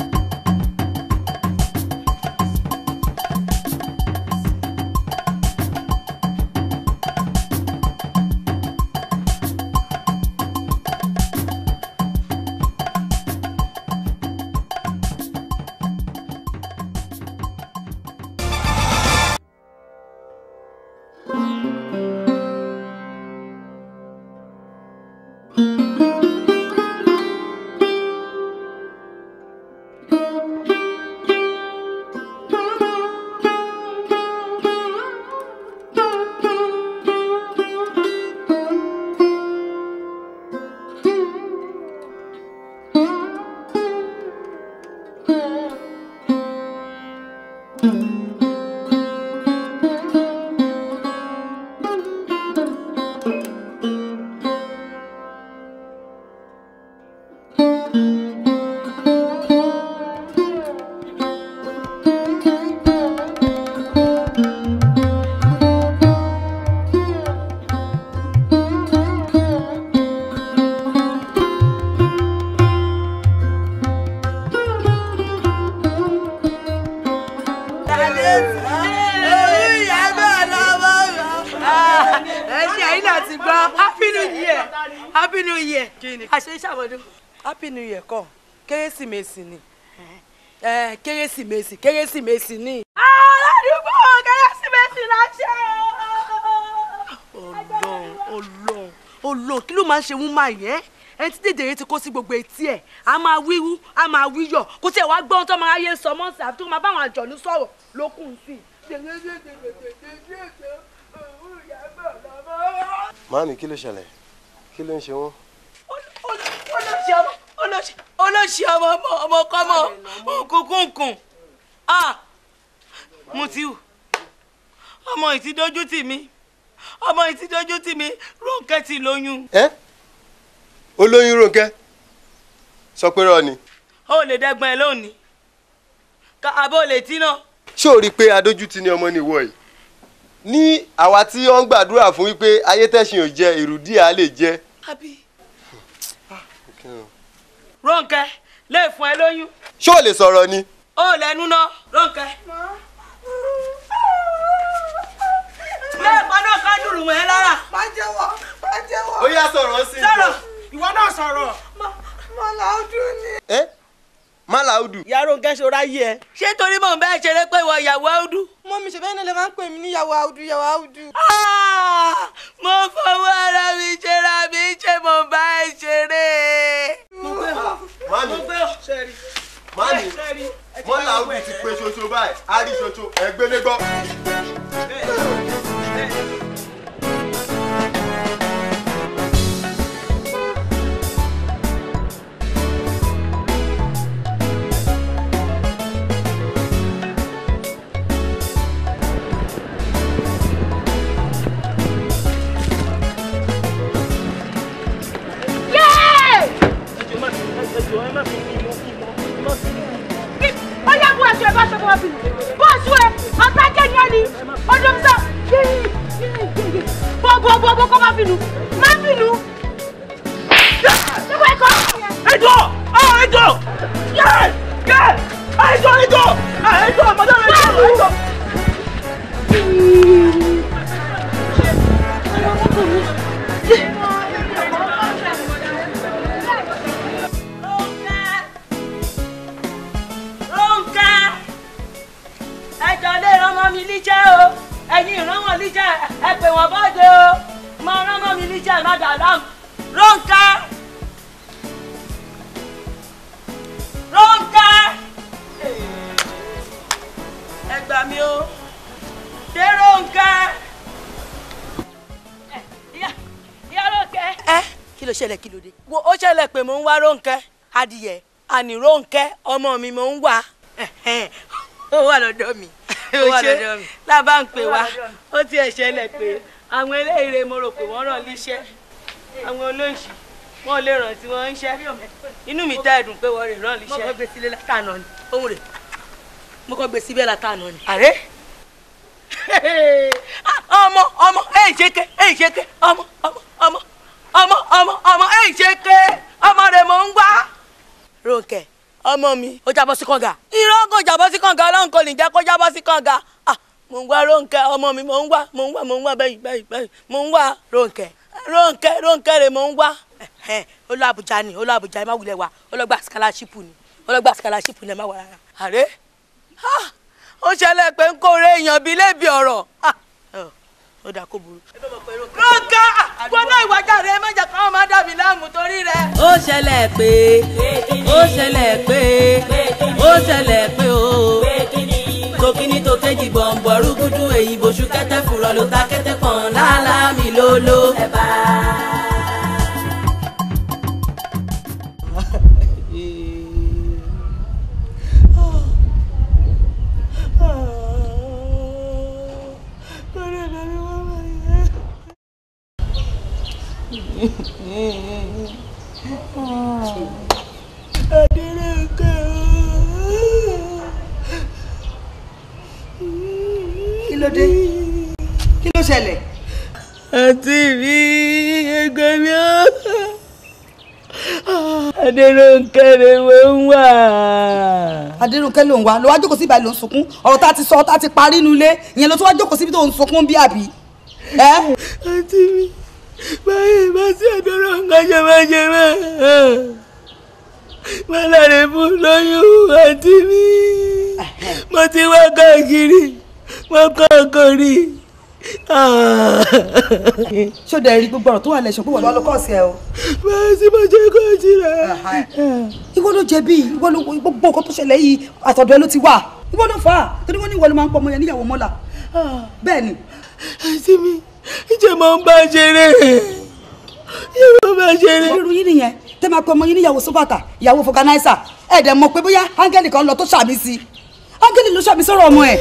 ẹ̀yin náà ti gbọ́ happy new year happy new year àṣẹ ìṣàbọ̀dún. happy new year kọ́ kérésìmesì ni kérésìmesì kérésìmesì ni. aládùúgbò kérésìmesì la ṣe o. ọlọ́run ọlọ́run ọlọ́run kí ló máa ń ṣe wọ́n máa yẹn ẹni tí dèdèrè ti kó sí gbogbo etí ẹ a máa wíwú a máa wíyọ kó tiẹ̀ wá gbọ́n tó máa yé sọmọ́sì àfi tó máa bá àwọn àjọ̀lú sọ̀rọ̀ lókùn sí i. Màámi kí ló ṣẹlẹ̀? Kí ló ń ṣe wọ́n? Olóṣì ọmọ ọmọ ọmọ ọkọ ọmọ òkùnkùnkùn. Mutiu, ọmọ yìí ti dójú tì mí. Ọmọ yìí ti dójú tì mí. Rónkẹ́ ti lóyún. Ẹ́ olóyún Rónkẹ́ sọ pé rọ ni. Ó lè dẹ́gbọ́n ẹ lónìí. Àbó lè tí náà. Ṣé o rí i pé adójútì ni ọmọ ni ìwọ yìí? ní àwa tí wọ́n ń gbàdúrà fún wípé ayétẹ́sìn ò jẹ ìrùdí à lè jẹ. àbí. Ah, Rónkẹ́ lè fún ẹ lóyún. ṣé o lè sọ̀rọ̀ ni. ó lẹ́nu ná Rónkẹ́. lẹ́ẹ̀kan náà ká dùrù mọ́ ẹ lára. má jẹ́wọ́ má jẹ́wọ́. ó yá sọ̀rọ̀ sí i. sọ̀rọ̀ ìwọ náà sọ̀rọ̀. mọ́lá ọdún ni. ẹ́ Málàúdù. Yàrá òun kẹ́sọ̀ ráyé ẹ. Ṣé torí mò ń bẹ́ẹ̀ ṣeré pé ìwọ ìyàwó Áúdù? Mọ mi ṣèbẹ́ náà lè máa ń pè mí ní ìyàwó Áúdù ìyàwó Áúdù. Ah! Mo fọwọ́ ara mi ṣera mi ṣe mò ń bá ẹ ṣeré. Mo fẹ́ ọ. Mami Mami Málàúdù ti pe ṣoṣo báyìí, a rí ṣoṣo, ẹ̀gbẹ́lẹ́gbọ́. Bẹ́ẹ̀ ni. wá bí bọ́ọ̀sù ẹ ọ̀tàjẹ́ ni ẹ ní ọdọ́mísà yéyé yéyé yéyé bọ́ọ̀bọ́ọ̀bọ́ kọ́ má bínú má bínú. ṣé wọ́n kọ́. ẹjọ́ ẹjọ́ yẹ yẹ ẹjọ́ ẹjọ́ rán mi níjà o ẹ̀yin ìran wọn níjà ẹ pè wọ́n bọ́dẹ o mo rán mọ́ mi níjà má dàlám Rónkẹ́ Rónkẹ́ ẹ gbà mí o dé Rónkẹ́. ìyá Rónkẹ́. ẹ kí ló ṣẹlẹ̀ kí ló dé. wo ó ṣẹlẹ̀ pé mò ń wá Rónkẹ́ adìyẹ àní Rónkẹ́ ọmọ mi mò ń wá ó wà lọ́dọ̀ mi òṣè lábá ń pè wá ó ti ẹ̀ ṣẹlẹ̀ pé àwọn eléyìí mo rò pé wọ́n ràn níṣẹ́ àwọn olóyìí wọn ò lè ràn tí wọ́n ń ṣẹ́ inú mi dá ẹ̀dùn pé wọ́n rè ràn níṣẹ́. mo kọ́ gbé sílé látànà ni ohun rẹ̀ mo kọ́ gbé síbẹ̀ látànà ni. àrẹ ah, ọmọ ọmọ ẹ̀ ṣeke ẹ̀ ṣeke ọmọ ọmọ ọmọ ọmọ ọmọ ẹ̀ ṣeke ọmọ rẹ̀ mò ń gbá. Rónkẹ́ ọmọ mi ó jábọ́ sí kànga irọ́ kò jábọ́ sí kànga ọlọ́run kò ní jẹ́ kó jábọ́ sí kànga mò ń wá Rónkẹ́ ọmọ mi mò ń wá mò ń wá mò ń wá bẹ́yìn bẹ́yìn bẹ́yìn mò ń wá Rónkẹ́ Rónkẹ́ Rónkẹ́ rẹ̀ mò ń wá ó lọ Àbújá ni ó lọ Àbújá ẹ má wulẹ̀ wá ó lọ gba scholarship ni ó lọ gba scholarship ni ẹ má wà rárá àrẹ ó ṣẹlẹ̀ pé ń kóore èèyàn bíi lébi ọ̀rọ̀ ó dà kó burú. rọ́ńkà gbọ́dọ̀ ìwájà rẹ má jẹ́ káwọn máa dàbí láàmú torí rẹ. ó ṣẹlẹ̀ pé ó ṣẹlẹ̀ pé ó ṣẹlẹ̀ pé o tòkíní tó kéjì bọ̀m̀bọ̀ rúgúdú èyí bòṣù kẹ́tẹ́ fùrọ̀ ló ta kẹ́tẹ́ kan láàlámì lóló. ẹ bá a. Adélékè kí ló dé kí ló ṣẹlẹ̀. àti mi ẹgbẹ́ mi Adérónkẹ́ ni mo ń wà. Adérónkẹ́ ló ń wá ló wá jókòó sí ìbàlẹ̀ ló ń sunkún ọ̀rọ̀ tá a ti sọ tá a ti parí nulẹ̀ ìyẹn ló tún wá jókòó síbi tó ń sunkún bí àbí. àti mi báyìí bá sí àdúrà ńgájẹmájẹmá má láre fún lóyún àti mí mo ti wá káàkiri mo káàkiri. Ah. ṣó dẹ̀ rí gbogbo ọ̀rọ̀ tó wà lẹ́sùn pé wọ́n lọ́ kọ́ sí ẹ o. báyìí sí mo jẹ́ kó jìnnà. ìwọ ló jẹ̀bi ìwọ ló gbogbo nǹkan tó ṣẹlẹ̀ yìí àtọ̀dọ̀ ẹ ló ti wà ìwọ ló fà á torí wọ́n ní ìwọ ló máa ń pọ̀ ọmọ yẹn níyàwó mọ́là ah, bẹ́ẹ̀ ni. àti mi ìjẹ́ máa ń bá ṣeré ìjẹ́ máa ń bá ṣeré. mo rú yín nìyẹn tẹ́ máa pe ọmọ yín níyàwó sọ́bàtà ìyàwó fọgànáísà ẹ̀ mọ̀ pé bóyá áńgẹ́lì kan lọ tó ṣàmì sí áńgẹ́lì ló ṣàmì sọ̀rọ̀ ọmọ ẹ̀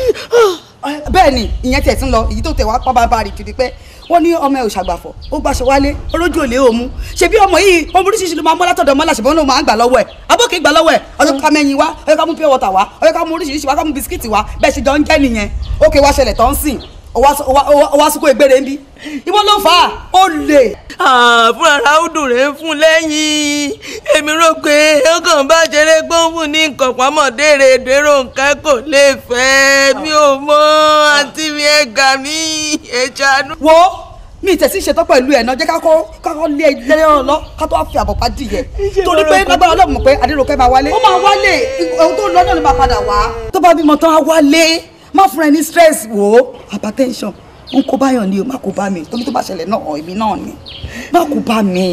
bẹ́ẹ̀ ni ìyẹn tẹ̀ tún lọ èyí tó tẹ̀ wá pábábá rì kiri pé wọ́n ní ọmọ ẹ̀ òṣàgbàfọ̀ ó gbaṣọ wálé olójú òlé òmu ṣebí ọmọ yìí ọmọ oríṣiríṣi ló máa mọ́ látọ̀dọ̀ ọmọ aláṣẹ̀bọ́n ló máa ń gbà lọ́wọ́ ẹ̀ abókè gbà lọ́wọ́ ẹ̀ ọyọ́ ká mẹ́yìn wá ọyọ́ ká mú pure water wá ọyọ́ ká mú oríṣiríṣi wá ká mú bisikíìtì wá bẹ́ẹ̀ ṣe jọ jẹ́ nìyẹn ókè wá ṣẹlẹ̀ tó sìn ọwọ́ àsìkò ìgbére ń bí ìwọ ló fà á ó lè. fúnra ráúdù rẹ̀ ń fún lẹ́yìn èmi rò pé ọkàn bá jẹrẹ gbóhùn ní nǹkan pamọ́dére dèrò nǹkan kò lè fẹ́ mi ò mọ àǹtí mi ẹ̀ gà mí ẹ̀ ṣàánú. wo mi tẹ̀sí ìṣètọ́ pẹ̀lú ẹ̀ náà jẹ́ ká kọ́ lé ilé ọ̀rọ̀ lọ ká tó wá fi àbọ̀pá dì yẹ. torí pé lágbára ọlọ́mọ pé adéròkè máa wálé. ó máa wálé ohun tó lọ́dọ̀ ló máa padà wá. tó bá bímọ tán á wálé má fún ẹ ní stress wò ó hypertension n kó báyọ̀ ni o má kó bá mi torí tó bá ṣẹlẹ̀ náà èmi náà ni má kó bá mi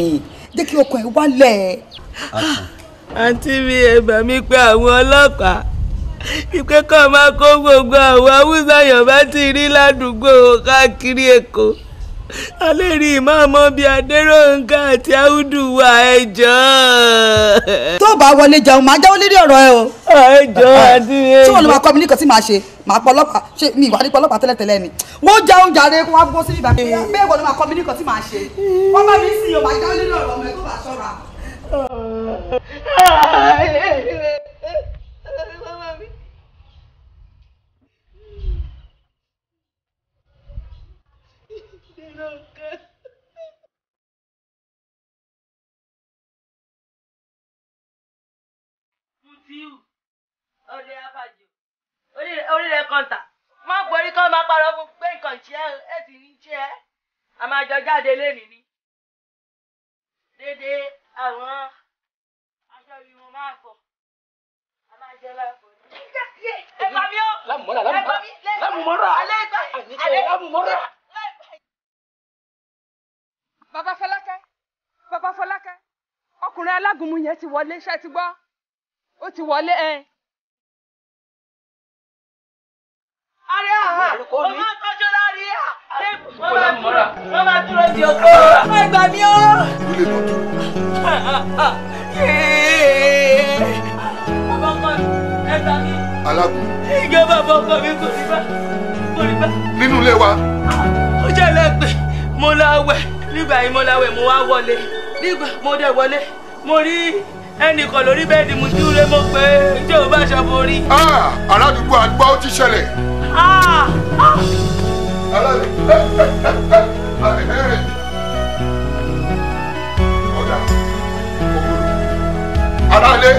jẹ́ kí ọkàn ẹ wálẹ̀. àǹtí mi ẹ bá mi pé àwọn ọlọ́pàá ìpẹ́kọ̀ máa kó gbogbo àwọn haúsá yorùbá ti rí ládùúgbò káàkiri èkó alẹ́ rí ìmáàmọ́ bíi adéròǹkà àti áúdùwà ẹjọ́. tó o bá wọlé jẹun máa jáwọ́ lórí ọ̀rọ̀ ẹ o. ẹjọ́ àti ẹjọ́. tí wọn lọ máa kọ́ mi nìkan tí màá ṣe màá pọ ọlọ́pàá ṣe mi ìwà nípa ọlọ́pàá tẹ́lẹ̀tẹ́lẹ̀ ni. wọ́n já oúnjẹ àárẹ̀ kó wá gbó sí ìbàdàn. bẹ́ẹ̀ wọ́n lọ máa kọ́ mi nìkan tí màá ṣe. wọ́n bá mi sìn orí rẹ kọ̀ǹtà má gborí kọ́ máa parọ́ fún pé nǹkan ìṣe ẹ sì ní ṣe ẹ a máa jọ jáde lénìí ni dédé àwọn aṣọ yìí mo máa fọ a máa jẹ láàbò bàbá Fọlákẹ́ bàbá Fọlákẹ́ ọkùnrin alágúnmu yẹn ti wọlé ṣe ti gbọ́ ó ti wọlé ẹ̀. àrẹ àhà ọmọ tọjọ lárí à wọn bá dúró di oko ọmọ ìgbà mi ó. alágùn. ìjọba àbọ̀kọ mi kò rí bá kò rí bá. nínú ilé wa. ó jẹ́ lẹ́pẹ́ mo láwẹ̀ nígbà yìí mo láwẹ̀ mo wá wọlé nígbà mo dẹ̀ wọlé mo rí ẹnìkan lórí bẹ́ẹ̀dì mu tí ó lé mọ́ pé tí ò bá ṣàforí. Ah, aládùúgbò àgbà ó ti ṣẹlẹ̀ aráalé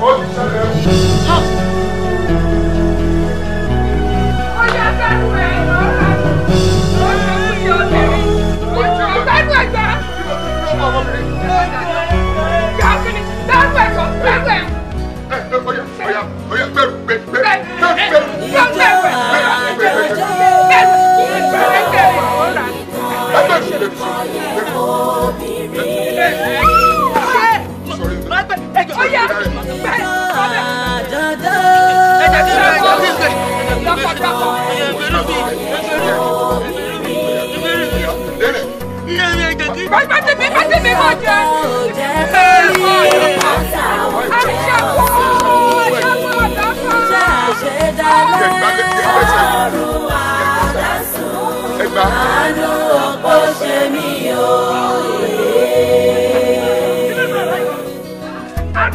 ó ti ṣẹlẹ̀ o. ọjọ́ gbádùn ẹ̀ lọ́la ó ti kú sí obìnrin ó ti gbádùn ẹ̀ gbá. gbádùn ẹ̀ gbádùn ẹ̀. ọ̀yà ọ̀yà ọ̀yà gbẹ̀rù gbẹ̀rù gbẹ̀rù gbẹ̀rù. àdìgún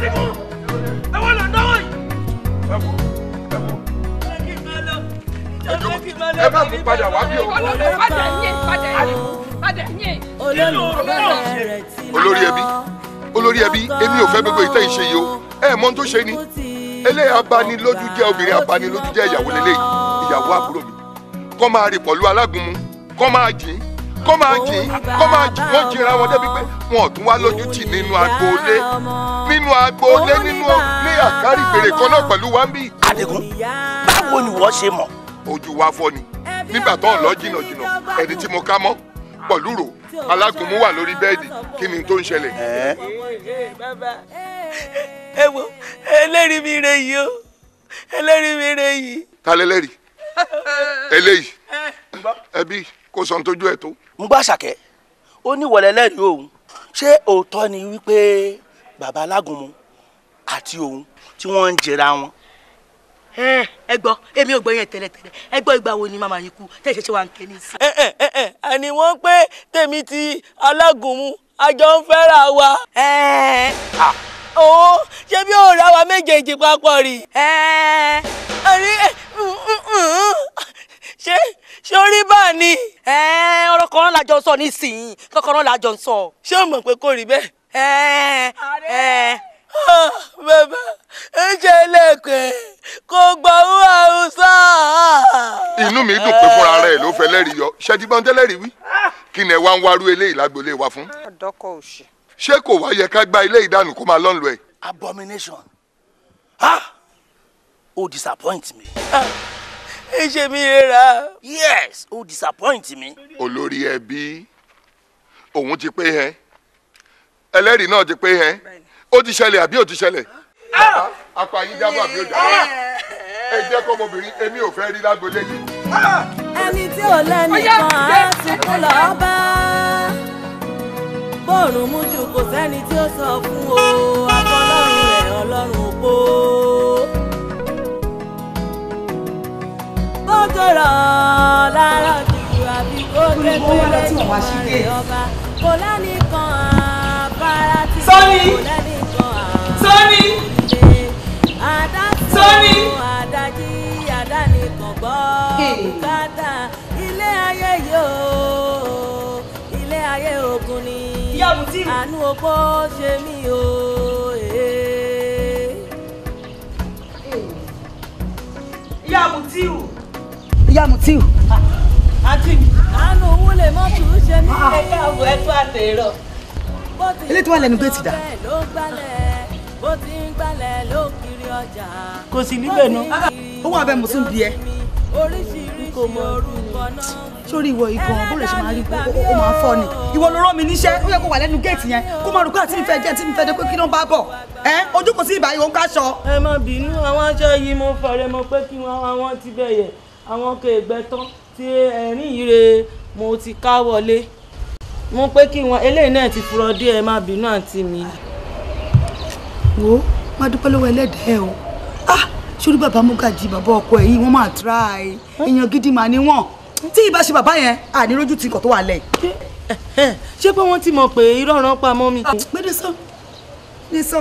ẹ̀wọ̀n là ń dáwọ́ yìí. ẹ wo ẹ wo. ẹ kí n máa lọ ìjọba kí n máa lọ. ẹ má kún padà wá bí o. padà yín padà yín padà yín. olórí ẹbí olórí ẹbí èmi ò fẹ́ gbogbo ìtẹ́ ìṣe yìí o ẹ mọ tó ṣe ni eléyà abanilójú jẹ́ obìnrin abanilójú jẹ́ ìyàwó lélẹ́yìí ìyàwó àbúrò mi kọ́ máa rè pọ̀lú alágúnmu kọ́ máa jìn kọ́ máa jìn kọ́ máa jìn wọ́n jìra wọn débi pé wọn ò tún wá lójú tì nínú agboolé nínú agboolé nínú ní àkárí gbèrè kan náà pẹ̀lú wa ń bí. adigun báwo ni wọ́n ṣe mọ̀. ojú wa fọ́ ni nígbà tó ń lọ jìnnà jìnnà ẹni tí mo ká mọ́ pọ̀lú alágúnmu wà lórí bẹ́ẹ̀dì kí ni tó ń ṣẹlẹ̀. ẹ wo ẹlẹ́rìí mi rẹ yìí o ẹlẹ́rìí mi rẹ yìí. ta lẹ́lẹ́rìí eléyìí ẹbí kò sọ tójú ẹ tó. ń gbọ́ àṣàkẹ́ ó ní ìwọ̀lẹ́lẹ́rìí òun ṣé òótọ́ ni wípé bàbá alágúnmu àti òun tí wọ́n ń jẹra wọn. ẹ gbọ́ èmi ò gbọ́ yẹn tẹ́lẹ̀tẹ́lẹ̀ ẹ gbọ́ ìgbà wo ni màmá yìí kú tẹ́ ìṣẹ́ṣẹ́ wa ń kẹ́ ní sí. ẹ ẹ wọ́n pé tèmi ti alágúnmu àjọ ń fẹ́ra wa. ẹ ṣé bí ó ra wa méjèèjì papọ̀ rí. ṣé ṣé ó rí báà ni. ọ̀rọ̀ kan lájọ sọ nísìnyí kọ́kọ́rọ́ lájọ sọ. ṣé o mọ̀ pé kò rí bẹ́ẹ̀ ẹ ẹ ah, bàbá ń ṣe lẹ́kẹ̀ẹ́ kò gbọ́ wà ó sọ. inú mi dùn pé fúnra rẹ̀ ló fẹ́ lẹ́rìí yọ ṣẹ́dígbọ́n tẹ́lẹ̀rí wí ah! kí ni ẹ wá ń wárú eléyìí lágbolé wa fún. ọ̀dọ́kọ̀ òṣì. ṣé kò wá yẹ ká gba ilé ìdánù kó máa lọ́nlọ ẹ̀. abomination ah o disappoint me. Ah, ẹ ṣe mi rẹ́ra. yes o disappoint me. olórí ẹbí òun ti pé yẹn ẹlẹ́rìí náà ti pé yẹn ó ti ṣẹlẹ̀ àbí ó ti ṣẹlẹ̀ ah! apàyín jábọ̀ àbí ó jábọ̀ ẹ jẹ́ kó ọmọbìnrin èmi ò fẹ́ rí lágbolé yìí. Ah! ẹni tí ò lẹ́nìkan á ti kú lọ bá bọ́ọ̀rùn mú jù kò sẹ́ni tí ó sọ fún o akọlọ́run rẹ̀ ọlọ́run òpó. bó jọrọ̀ lára jù àbí kó tẹ́tẹ́ lẹ́yìn ọba rẹ̀ ọba kò lẹ́nìkan. Tony Tony Tony. ilé àánú opó ṣe mí o. ìyá Mutiu. ìyá Mutiu. àti mi. Ah. àánú òun lè mọ́tò ṣe mí. ẹ̀ka òun ẹ̀tọ́ àtẹ̀rọ ilé tó wà lẹ́nu géètì dà. bó ti ń gbalẹ̀ ló kiri ọjà. kò sí níbẹ̀ náà. ó wà bẹ́ẹ̀ mo tún bí ẹ. oríṣiríṣi orúkọ náà. sórí ìwọ igan bóòlù ṣe máa rí ó máa fọ ni ìwọ ló rán mi níṣẹ́ ó yẹ kó wà lẹ́nu géètì yẹn kó máa rúkọ àti ìfẹ́ jẹ tí mi fẹ́ pé kí ló ń bá bọ̀ ẹ ojú kò sí ìbáyé òun káṣọ. ẹ má bínú àwọn aṣọ yìí mo fọ̀rẹ́ mo pé kí wọn àwọn ti bẹ̀yẹ̀ àwọn kò gbẹ tán tí ẹ̀rín yìí mo ti ká wọlé mo pé kí wọn eléyìí náà ti furọ díẹ̀ ẹ má bínú àǹtí mi. wo má dúpẹ́ lọ́wọ́ ẹlẹ́dẹ̀ẹ́ o ah sórí bàbá Múgàjí bàbá ọkọ ẹ̀ yìí wọ́n máa try èèyàn gidi mà ni wọ́n tí ìbá ṣe bàbá yẹn ànírójú ti nǹkan tó wà lẹ̀. ṣé pé wọ́n ti mọ̀ pé irọ́ ọ̀ràn pa mọ́ mi. gbẹ́dẹ̀ sọ ní sọ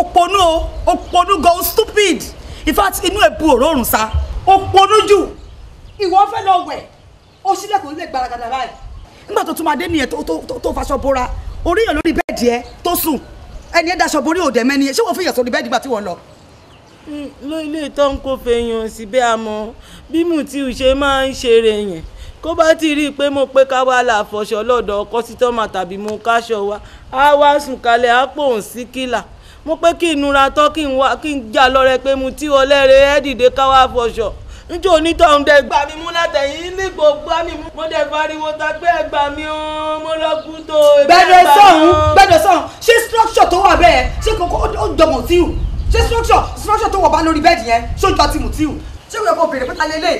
òpònú o òpònú go stupid in fact inú ẹ̀ bu òróòrùn sa òpònú jù ìwọ fẹ́ lọ wẹ̀ ó sílẹ̀kùn lè gbaragada báyìí nígbà tó tún máa dé nìyẹn tó faṣọ bora orí yàn lórí bẹ́ẹ̀dì ẹ tó sùn ẹni ẹ daṣọ borí òde mẹ́ni ṣé wọ́n fi yàn sórí bẹ́ẹ̀dì gbà tí wọ́n lọ. Hmm, lórí ìtọ́ ń kó fèèyàn síbẹ̀ àmọ́ bí Mutiu ṣe máa ń ṣeré yẹn kó bá ti rí i pé mo pé ká wá là fọṣọ lọ́dọ̀ kọ́sítọ́mà tàbí mo káṣọ wa á wá sùn kalẹ̀ á pòun sí kìlà mo pé kí ìnura tán kí n já lọ́rẹ́ pé Mutiu ọlẹ́rẹ́ ẹ́ dìde ká wá fọṣọ njẹ́ onítọ̀hún dẹ gbà mí mú látẹ̀yìn ní gbogbo àmì mo dẹ̀ pariwo ta pé ẹ gbà mí o mo lọ kú tó ẹgbẹ́ gbà mí o. gbẹdọ sọhún gbẹdọ sọhún ṣé structure tó wà bẹ́ẹ̀ ṣé kókó ó jọmọ tíù ṣé structure structure tó wà bá lórí bẹ́ẹ̀dì yẹn ṣó jọ tìmù tíù ṣé kò yẹ kó béèrè pé ta lélẹ̀.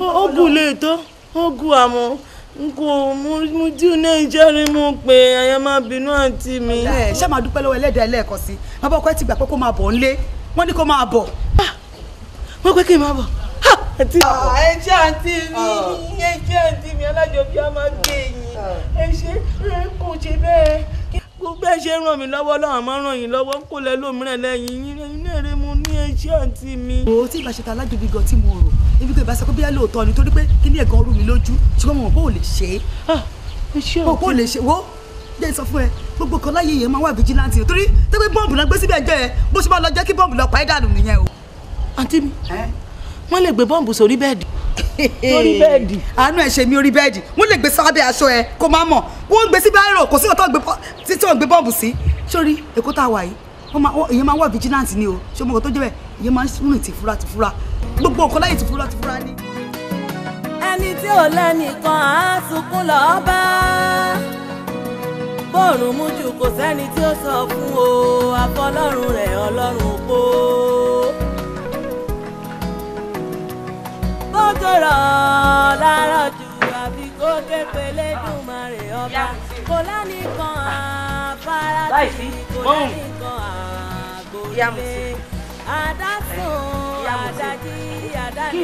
ogun ah, lè tó ogun àmọ́ n kò mú tíù náà ìjẹ́rìí mú pé ẹ̀yẹ́ má bínú àǹtí mi. ṣé màá dúpẹ́ lọ́wọ́ ẹlẹ́dàá ẹlẹ́ẹ̀kan sí bàbá ọkọ ẹ ti gbà pé kó máa bọ̀ ń lé wọ́n ní kó máa bọ̀. Ah, wọ́n pé kí n máa bọ̀ àǹtí. ẹ ṣe àǹtí mi ah, ẹ ṣe àǹtí mi ah. alájọbí a máa gbé yín ah. ẹ ṣe kò ṣe bẹ́ẹ̀ gbogbo ẹ ṣe ràn mí lọ́wọ́ lọ́wọ́ máa ràn yín lọ́wọ́ kó lẹ lómìnira lẹ́yìn yín ẹ̀yin náà rẹ mo ní ẹ ṣe àǹtí mi. o tí ìbá ṣe ta alájọbí gan tí mo rò ibi kò ìbá sọ pé bí ẹ lóòótọ́ ni torí pé kí ni ẹ̀gàn rú mi lójú ṣùgbọ́n mo mọ̀ pé ò lè ṣe é mo pé ò lè ṣe wo jẹ́ sọ fún ẹ gbogbo kan láyé yẹn máa wà vigilante torí tẹ́gbẹ́ bọ́ọ̀bù náà gbé síbẹ̀ jẹ́ ẹ bó ṣe máa lọ jẹ́ kí bọ́ọ̀bù lọ pa ẹ́ dànù nìyẹn o àǹtí mi wọ́n lè gbé bọ́ǹbù sórí bẹ́ẹ̀dì. sórí bẹ́ẹ̀dì. àánú ẹ ṣe mí orí bẹ́ẹ̀dì wọ́n lè gbé sábẹ́ aṣọ ẹ kó má mọ̀ wọ́n gbé sí báyìí rò kò sí ọ̀tọ̀ títí wọ́n gbé bọ́ǹbù sí. sórí èkó tá a wà yìí èèyàn máa wà vigilante ni o ṣé ọmọ kan tó jẹ́ bẹ́ẹ̀ èèyàn máa ń rìn tìfura tìfura gbogbo nǹkan láyè tìfura tìfura ni. ẹni tí ò lẹ́nìkan á sunkún lọ bá bọ́ọ̀rùn mú kò sẹ́ni tí ó sọ fún o àfọlọ́run rẹ̀ ọlọ́run kó. kó tòrọ̀ jù àbí kó képe lẹ́dùnmarè ọba kò lánìkan àfárá tì kò lánìkan àgbòrè àdásùn àdájí àdájí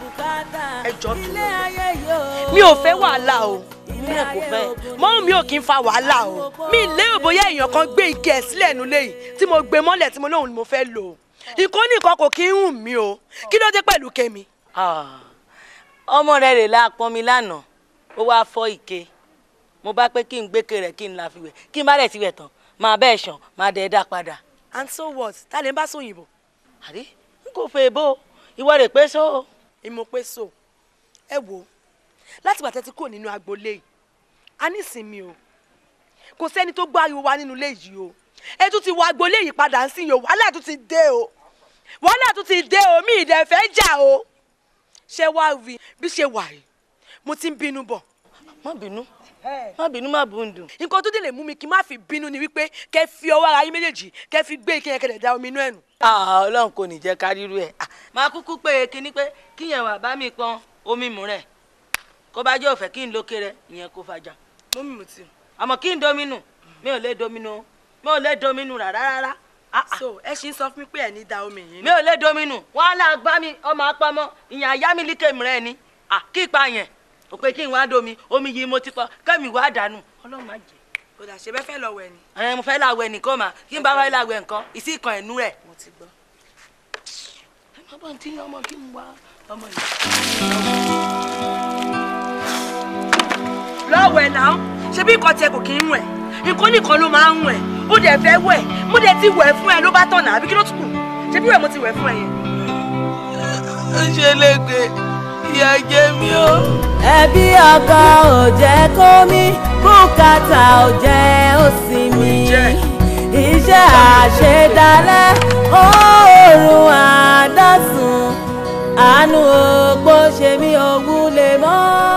bùkátà ilé ayé yóò. mi ò fẹ́ wàhálà o mi náà kò fẹ́ mọ́ mi ò kí ń fa wàhálà o mi lérò bóyá èèyàn kan gbé ike ẹ̀ sílẹ̀ nulẹ̀ yìí tí mo gbé mọ́lẹ̀ tí mo lóun ni mo fẹ́ lò ó ikọ́ nìkan kò kí ń hùn mí o kí ló dé pẹ̀lú kẹ́mi. Ah, ọmọ rẹ rè la pọnmi lánàá ó wáá fọ́ ike mo bá pé kí n gbé kéré kí n la fi wẹ̀ kí n bá rẹ̀ ti wẹ̀ tán máa bẹ́ẹ̀ sàn máa dẹ̀ dá padà. and so what ta lè ń bá sóyìnbó. àrí n kò fẹ́ bó ìwọ rè pé so. ìmọ̀ pé so ẹ wo láti gbà tẹ́tí kúrò nínú agboolé yìí a ní ìsinmi o kò sẹ́ni tó gbọ́ ariwo wa nínú ilé yìí o ẹ tún ti wọ agboolé yìí padà ń sìn yìí wàhálà tún ti dé o wọn náà tún ti dé omi ìdẹ̀fẹ́ jà o ṣé wá rí bí ṣe wà yìí mo ti ń bínú bọ̀. má bínú má bínú má bùndùn. nǹkan tó dé lè mú mi kí n má fi bínú ni wípé kẹ́ fi ọwọ́ ara yín méjèèjì kẹ́ fi gbé kí yẹn kẹ́lẹ̀ da omi inú ẹ̀ nù. Ah, ọlọ́run kò ní jẹ́ ká rírú ẹ̀. Ah, máa kúkú pé kíní pé kíyẹn wà bá mi pọn omi mú rẹ̀ kó bá jẹ́ òfẹ́ kí n lókè rẹ̀ ìyẹn kó fajà. mo mímú tí. àmọ́ kí n dominu mi ò lè dominu mi ò lè dominu rárá rárá. Ah, ah. so ẹ ṣì ń sọ fún mi pé ẹ ní da omi yìí mi ò lè domi nù wàhálà gbá mi ọmọ apamọ ìyàn àyà mi líkè mìíràn ni kí ipa yẹn ò pé kí n wá domi omi yìí mo ti kọ kẹ́mi wá dànù ọlọ́run má jẹ́. kò dà ṣe bẹ́ẹ̀ fẹ́ lọ wẹ̀ ni. ẹ mo fẹ́ la wẹ̀ nìkan mà kí n bá wẹ̀ la wẹ̀ nǹkan ìsì kan ẹ̀nu rẹ̀. mo ti gbọ́. ẹ má bọ̀ ní tí ọmọ kí n wá ọmọ yìí. lọ́wẹ̀ náà ṣebí nǹkan tiẹ̀ kò kí ń wẹ̀ nǹkan nìkan ló máa ń wẹ̀ ó dẹ̀ fẹ́ wẹ̀ mo dẹ̀ ti wẹ̀ fún ẹ ló bá tọ̀nà àbí kí ló tún kù bí wẹ̀ mo ti wẹ̀ fún ẹ yẹn. ṣe lè gbé ìyá jẹ mí o. ẹbí ọkọ ò jẹ́ kó mi bùkátà ò jẹ́ ó sinmi iṣẹ́ àṣedálẹ̀ oòrùn àdásùn àánú òpó ṣe mí ogún lè mọ́.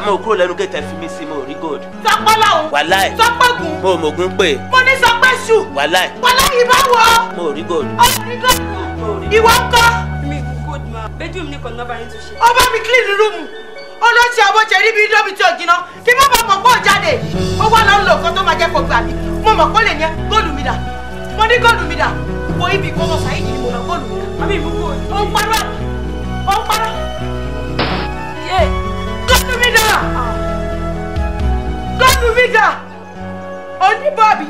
màmá ò kúrò lẹ́nu gẹ̀tẹ̀ fi mí sí mo rí gold. sọpẹ́ lọ́hùn. wàláì. sọpẹ́ gùn. mo mọ̀ gún pé. mo ní sọpẹ́ ṣù. wàláì. wàláì ìbáwọ̀. mo rí gold. ó rí gold. ìwọ ń kọ́. mi ò gold ma bedroom ní kàn nọ́bàrín tó ṣe. ó bá mi clean room olóṣì ọbọ̀jẹ̀ ríbi lóbi tí ò jiná kí bá bàbá pọ̀ jáde ó wà lọ́nà lòkan tó máa jẹ́ fọgbà mi mo mọ̀ kó lè yẹn góòlù mi dà mo ní góòlù mi dà wo ibi gbọ́dọ̀ sáyé yìí mo lọ góòlù mi dà. ẹnu mi dà oníbọ̀bì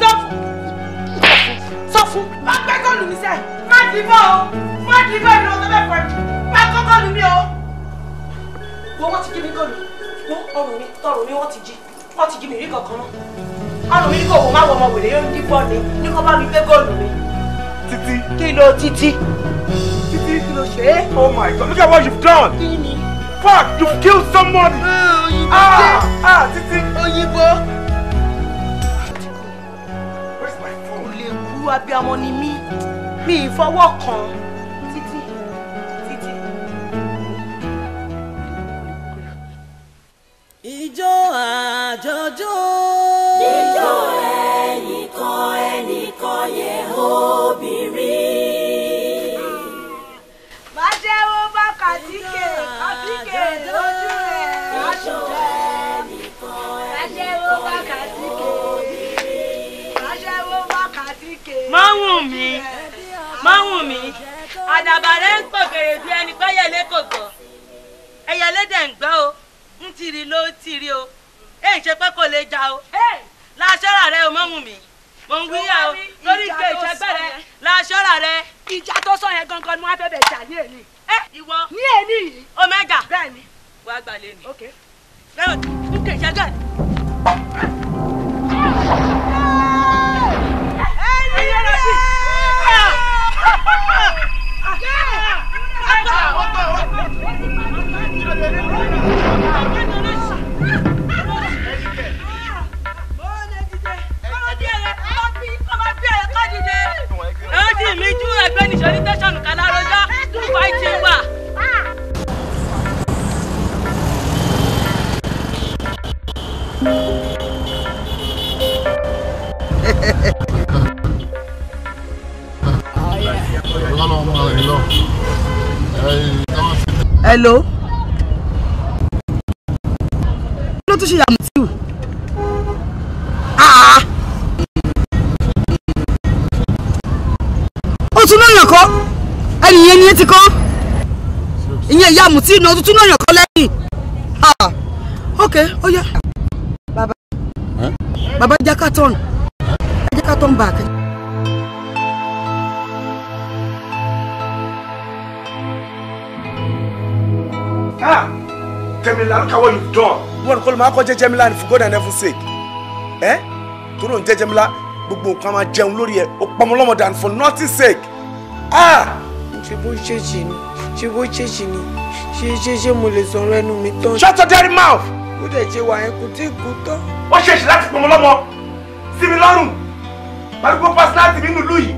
sọ fún sọ fún má gbé góòlù mi sẹ́ má dì í bọ́ o má dì í bọ́ ìlú ọ̀tọ́ bẹ́ẹ̀ pẹ̀lú má kó góòlù mi o. wo wọ́n ti jí mi góòlù wo ọrùn mi tọrùn mi wọ́n ti jí wọ́n ti jí mi rí kankan náà ọrùn mi ní kò wò má wọ ọmọ wèrè yóò dín bọ́ọ̀lù ní kó bá mi gbé góòlù mi. títí kí ló títí títí kí oh my god look at what you've done. kí fuck? You've killed somebody! Uh, Òyìnbó ah, jẹ́! Ah, Títí! Òyìnbó! Where's my phone? Olè kú abiyamọ ni mí. Mi ìfọwọ́ kan. Títí! Ijo Ijó àjọjó. máwùn mi máwùn mi àdàbàrẹ́ ń pọ̀ gèrè bí ẹni pé ẹyẹlé kò gbọ́ ẹyẹlé dẹ̀ ń gbọ́ o ń tiri ló ń tiri o èyí ṣe pé kò lè jà o láṣọ́ra rẹ o máwùn mi mo ń wíyà o lórí ìgbé ìṣẹ́gbẹ́ rẹ láṣọ́ra rẹ. ìjà tó sọ yẹn gangan ni wọ́n fẹ́ bẹ̀ jà ní èyí ẹ eh, ìwọ ní èmi yìí omega bẹ́ẹ̀ ni wàá gbalẹ̀ ni bẹ́ẹ̀ ni kò ṣe gàdí. ẹni yẹn lọ sí. èjì mi jú ẹgbẹ́ níṣọ́ ní tẹ́sán kàlárọ́jà tó bá ti wà. hello ló tún ṣe yàmùtí o. tuntun náà yàn kọ́ ẹnìyẹn ni ẹ ti kọ́ ìyẹn ìyá àmùtí ìnà tuntun náà yàn kọ́ lẹ́yìn ok ó yá bàbá bàbá jákà tọ́n jákà tọ́n bàkẹ́. Ah, Jamila, look at what you've done. You want to call my uncle Jamila and for God and heaven's sake. Eh? Toro ń jẹ́ Jamila, gbogbo nǹkan máa jẹun lórí ẹ̀, ó pamọ́ lọ́mọdà and for nothing sake. Ah! ṣe bó ṣèṣì ni ṣe bó ṣèṣì ni ṣe ṣe ṣe mo lè sọ̀rọ̀ ẹnu mi tán. shut your dirty mouth. ó dẹ̀ ṣe wà yẹn tí ì kú tán. wọ́n ṣèṣì láti pọ̀ mọ́ sí mi lọ́rùn pàdúgbò pásítátì mi nílùú yìí.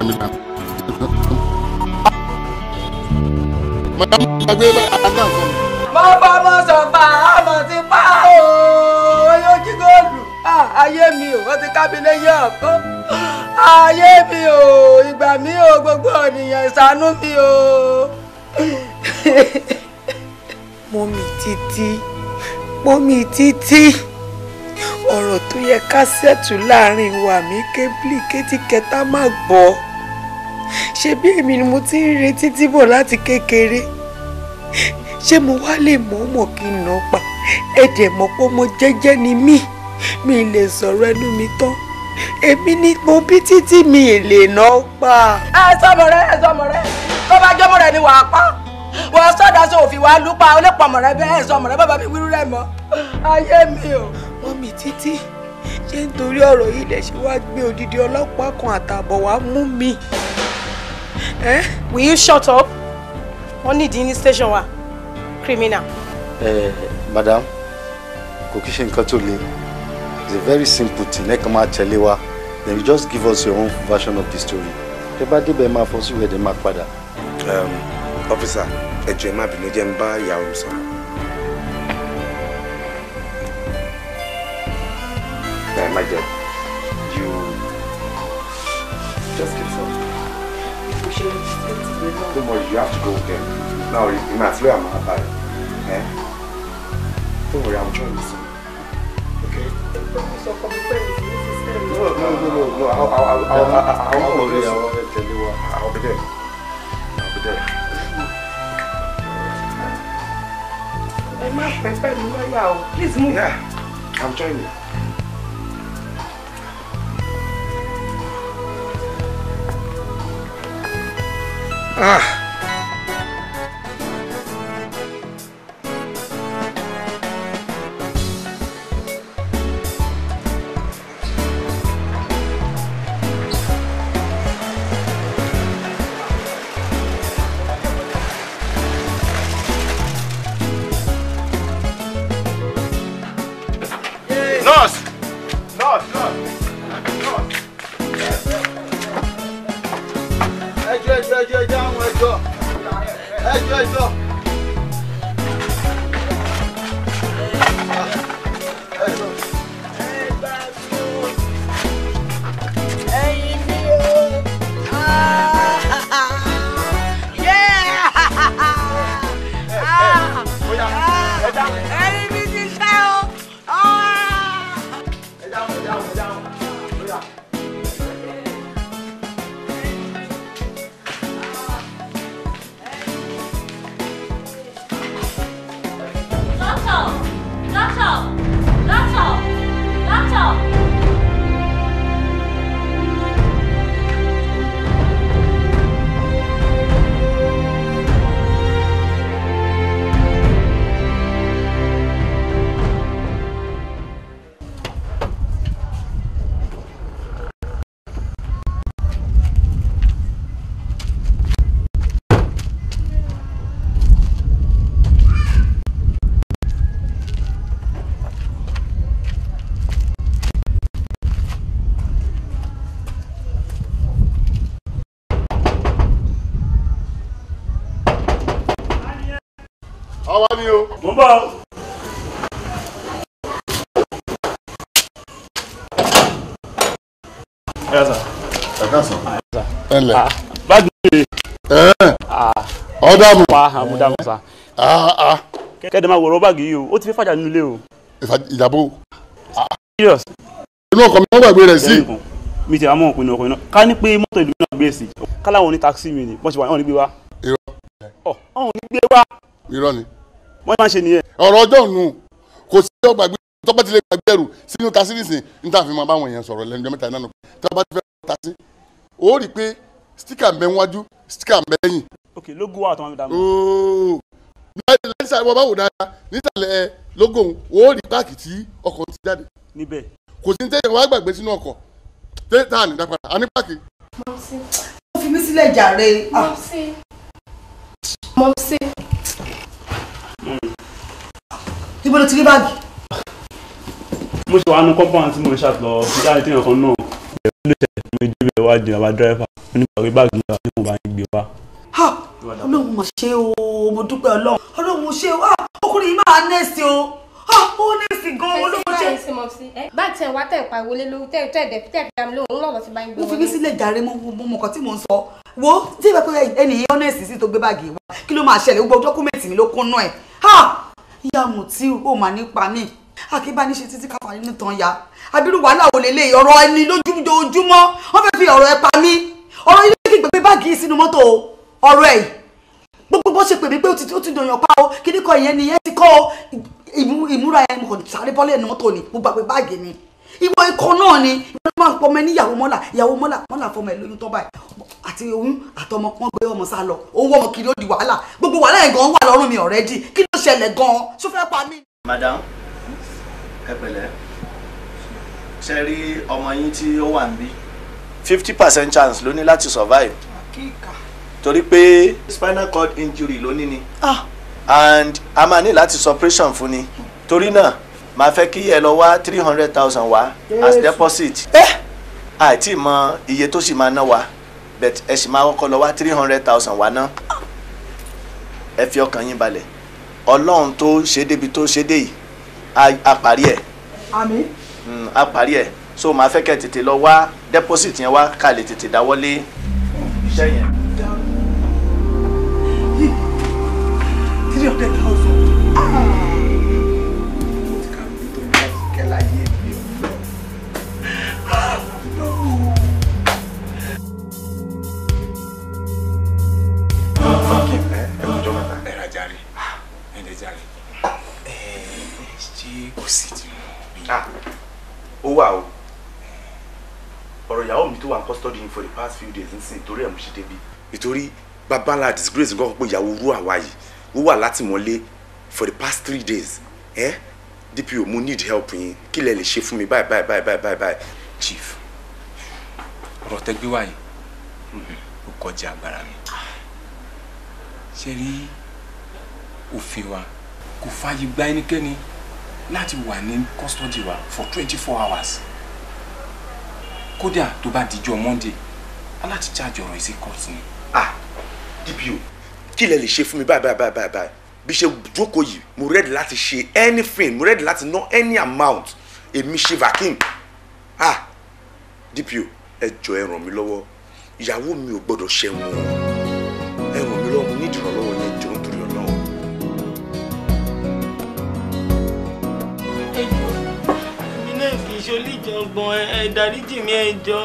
àmìnà. màdàmú gbàgbé àgbà kan. mo fọmọ sọ̀fà àmọ̀ ti pa ooo yóò jí góòlù ayé mi ò wọ́n ti kábílẹ̀ yé ọ̀kan ayé mi ò ìgbà mi ò gbogbo ènìyàn ìsànú mi ò. mo mì títí mo mì títí ọ̀rọ̀ tó yẹ ká ṣètù láàrin wa mi kébìlì kétíkẹta má gbọ́ ṣe bí èmi ni mo ti ń retí tí bọ̀ láti kékeré ṣé mo wá lè mọ̀ọ́mọ̀ kí n nà pa ẹ̀dẹ̀ mọ̀ pé mo jẹ́jẹ́ ni mí mi lè sọ̀rọ̀ ẹnu mi tán èmi ni mo bí títí mi lè nà pa. ẹ sọmọ rẹ ẹ sọmọ rẹ tó bá jọmọ rẹ ni wàá pa wọ́n sọ́dọ̀ sọ òfin wa lùpa olè pọ̀mọ̀ rẹ bẹ́ẹ̀ sọmọ rẹ bàbá mi wíwú rẹ mọ́ ayé mi o. mọ́mì títí ṣé nítorí ọ̀rọ̀ yìí lẹ ṣe wá gbé odidi ọlọ́pàá kan àtààbọ̀ wá mú mi. will you shut up wọ́n ní ìdí ní station wa criminal. ẹ madam kò kí ṣe nǹkan tó le it's a very simple thing ẹ kàn máa tẹ̀lé wa then you just give us your own version of the story ẹ bá débẹ̀ máa fọ́ sí ìwé ẹ̀dẹ̀ máa padà. officer ẹ jọ̀ọ́ ẹ má bínú jẹ́ ń bá ìyàwó sọ̀rọ̀. uh, my dear, you just get some. Too much. you have to go there. Now, you must wear my bag. Eh? Don't worry, I'm join you soon. Okay? No, no, no, no, no. I'll, I'll, I'll, I'll, I'll, I'll, I'll, I'll, I'll, I'll be there. I'll be there. Ẹ má pẹ́ Please move. Yeah, I'm joining you. Ah. mo ń bọ̀ o. ẹlẹ. báàgì mi. ọ̀dà mu. pa mo dà mu sa. kẹ́kẹ́ dẹ́ máa wọ̀rọ̀ báàgì yìí o ó ti fẹ́ fàjà nínú ilé o. ìjàbọ̀. serious. inú ọkọ̀ mi wọ́n gbàgbé rẹ̀ sí. mi ti àmọ́ ọkùnrin ọkùnrin náà ká ní pé mọ́tò ìlú náà gbé sí i káláwọn ní takisí mi ni bọ́sibọ́n ọ̀hún ní gbé wá. irọ́. ọ̀hún ní gbé wá. irọ́ ni wọ́n máa ṣe nìyẹn. ọ̀rọ̀ ọjọ́ nù kò sí ọgbà gbé tọ́ba ti lè gbàgbé ẹrù sínú ta síríìsì níta fi máa báwọn èèyàn sọ̀rọ̀ lẹ́nu mẹ́ta náà tọ́ba ti fẹ́ ta sí ó rí i pé stika ń bẹ níwájú stika ń bẹ lẹ́yìn. ok logo wa àtàwọn ìdààmú. ooo nísàlẹ̀ wọn bá wò dáadáa nísàlẹ̀ eh, logo o rí páàkì tí ọkọ̀ ti jáde. níbẹ̀. kò sí ní tẹ́yẹ̀ wá gbàgbé sínú ọkọ̀ tẹ́yẹ̀ tá à ní dápadà à ní páàkì. mọ̀ sí. mo ibo ló ti rí báàgì. mo ṣe wàá nu compound tí mo ń ṣàtọ fúdáàdì téèyàn kan náà ẹ̀rọ ló ṣẹlẹ̀ mo ju ibẹ̀ wá di àwa dírẹ́fà mo ní pàrọ̀ báàgì lọ́wọ́ tí mo bá ń gbé wá. ha ọlọ́run mà ṣe o mo dúpẹ́ ọlọ́run ọlọ́run mo ṣe o ọkùnrin yìí máa nẹ́ẹ̀sì o ó nẹ́ẹ̀sì gan-an olóko ṣe. báàgì tẹ̀ wá tẹ̀ pa wọlé lórí tẹ̀ tẹ̀ dẹ̀ tẹ̀ fi dàmú lóhùn lọ́wọ́ ti bá ń gbé wọlé. mo fi mí sílẹ̀ jàre mo mọ̀ kàn tí mò ń sọ wo tí ìbá pé ẹnìyàn nẹ́ẹ̀sì sí tó gbé báàgì wá kí ló máa ṣẹlẹ̀ gbogbo dọ́kúmẹ̀ntì mi ló kún náà ẹ̀ ìyá Mùtíù o mà nípa mi akínbáni ṣe títí káfà nínú tán ya abirú wàhálà ò lè lè ọ̀rọ̀ ẹni lójoojúmọ́ wọ́n fẹ́ẹ́ fi ọ̀rọ̀ ẹ pa mí ọ̀rọ̀ ilé kí gbẹgbẹ báàgì yìí sínú mọ́tò ọ̀rọ̀ ẹ̀ gbogbo bó ṣe pè mí pé ó ti ó ti dòyàn pa o kíníkọ ìyẹn nìyẹn ti kọ́ ìmúra ẹ̀ mọ̀ sáré bọ́lẹ̀ ní mọ́tò ni mo gbàgbé báàgì mi ìwọ ikọ̀ náà ni ìwọ máa ń pọmọ níyàwó mọ́là ìyàwó mọ́là mọ́là fọmọ ẹ̀ lóyún tọ́ báyìí àti oyún àtọmọ wọn gbé ọmọ sá lọ owó ọmọ kiri di wàhálà gbogbo wàhálà yẹn gan wà lọ́rùn mi already kí ló ṣẹlẹ̀ gan ṣó fẹ́ pa mí. madam ẹ pẹ̀lẹ́ ṣe rí ọmọ yín tí ó wà níbí fifty percent chance ló ní láti survive torí pé spinal cord injury ló ní ni ah. and a máa ní láti operation fún ni torí náà Ma fẹ́ kí ẹ lọ wá three hundred thousand wá as deposit eh? àìtí mọ iye tó sì máa ná wa but ẹ sì máa kọ́kọ́ lọ wá three hundred thousand wá ná ẹ fi ọkàn yín balẹ̀ ọlọ́run tó ṣe débi tó ṣe dé yìí a parí ẹ̀ hmm, a parí ẹ̀ so ma fẹ́ kẹ́ tètè lọ wá deposit yẹn wá ká lè tètè dáwọ́lé iṣẹ́ yẹn. ó wà o ọ̀rọ̀ ìyàwó mi tó wà ń custody yín for the past few days nísìnyí torí ẹ̀ mo ṣe débi. nítorí babalá disgrace nǹkan pé ìyàwó rú àwa yìí ó wà látìmọ́lé for the past three days eh? DPO mo need help yín kí lẹ lè ṣe fún mi bye, bye, bye, bye, bye, chief ọ̀rọ̀ tẹ́ gbé wáyé ó kọjá agbára mi ṣe rí òfin wa kò fààyè gba ẹnikẹ́ni láti wà ní custody wa for twenty four hours kódà tó bá dijọ́ monday aláti charge ọ̀rọ̀ ìsìn court ni. ah DPO kí lẹ lè ṣe fún mi báyìí báyìí báyìí báyìí bí ṣe jókòó yìí mo ready láti ṣe anything mo ready láti ná any amount èmi ṣe vacuum ah DPO ẹ jọ ẹ ràn mí lọ́wọ́ ìyàwó mi ò gbọ́dọ̀ ṣẹ̀wọ̀n. ṣolíjàngbọ̀n ẹ dáríjì mí ẹ jọ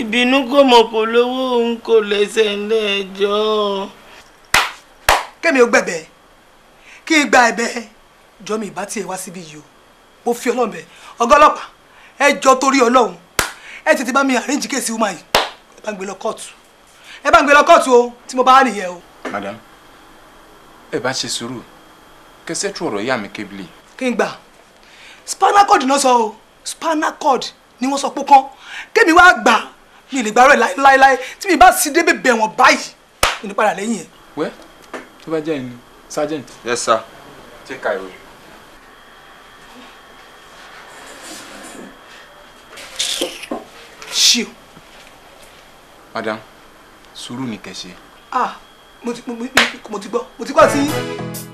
ìbínú kò mọ̀ kò lówó òun kò lẹ́sẹ̀ ńlẹ̀ ẹ jọ. kẹ́mi ò gbẹ̀bẹ̀ kí n gba ẹ̀bẹ̀ jọ mi ìbá tiẹ̀ wá síbí yìí o mo fi ọlọ́run bẹ̀ ọgá ọlọ́pàá ẹ jọ torí ọlọ́run ẹ tètè bá mi àríǹjì kéèsì wúmà yìí ẹ bá ń gbé lọ kóòtù ẹ bá ń gbé lọ kóòtù o tí mo bá nìyẹn o. madam ẹ bá ṣe sùúrù kẹsẹ tún ọ̀rọ̀ ìyá mi kébìlì. kí n gbà spinal cord náà sọ o spinal cord ni wọ́n sọ pé kán kémi wá gbà mi lè gbàrọ̀ láéláé tí mi bá sì dé bèbè wọn báyìí mi ní padà lẹ́yìn ẹ̀. wẹ́ tó bá jẹ́ ẹni sergeant. yes sir take care. ṣíò. madam sùúrù ni kẹ́ ṣe. ah mo ti gbọ́ mo ti gbọ́ àti yín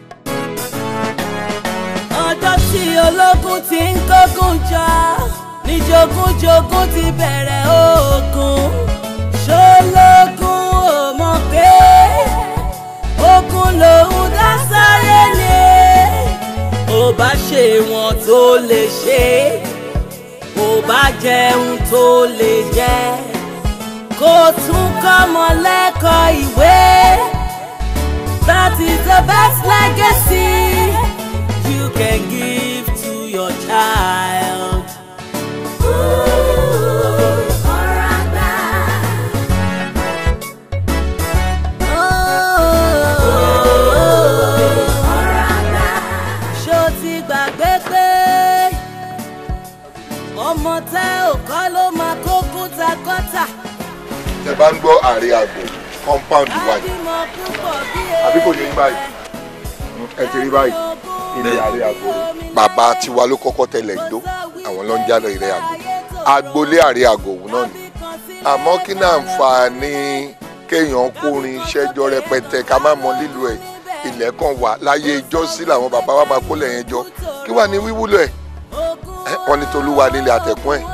ọjọ́ tí ológun ti ń kógun jà ní jogúnjogún ti bẹ̀rẹ̀ ogun ṣológun ò mọ̀ pé ogun lòun dá sáré lé ò bá ṣe wọn tó lè ṣe ò bá jẹun tó lè jẹ kó tún kọ́mọ lẹ́kọ̀ọ́ ìwé that is the best legacy can give to your child. Ooh, ọ̀rọ̀ àgbà. Ooh, ọ̀rọ̀ àgbà. Ṣé o ti gbàgbé pé ọmọ tẹ́ ò kọ́ ló máa kó kúta kọ́ta? Tẹ bá ń gbọ́ àrí àgbò compound wáyé àbí kò ní báyìí ẹ ti rí báyìí ilé àrẹ àgbò bàbá tiwa ló kọ́kọ́ tẹ̀lẹ̀ ìdó àwọn ló ń jálọ ìrẹ àgbò agboolé àrẹ àgbò òun náà ni àmọ́ kí náà ń fa ní kéèyàn kórin iṣẹ́jọ́ rẹpẹtẹ ká má mọ lílo ẹ̀ ilẹ̀ wà láyé ijọ́ sí làwọn bàbá wa máa kólẹ̀ yẹn jọ kí wàá ní wíwúlò ẹ̀ wọ́n ní tolúwa nílẹ̀ àtẹ̀kùn ẹ̀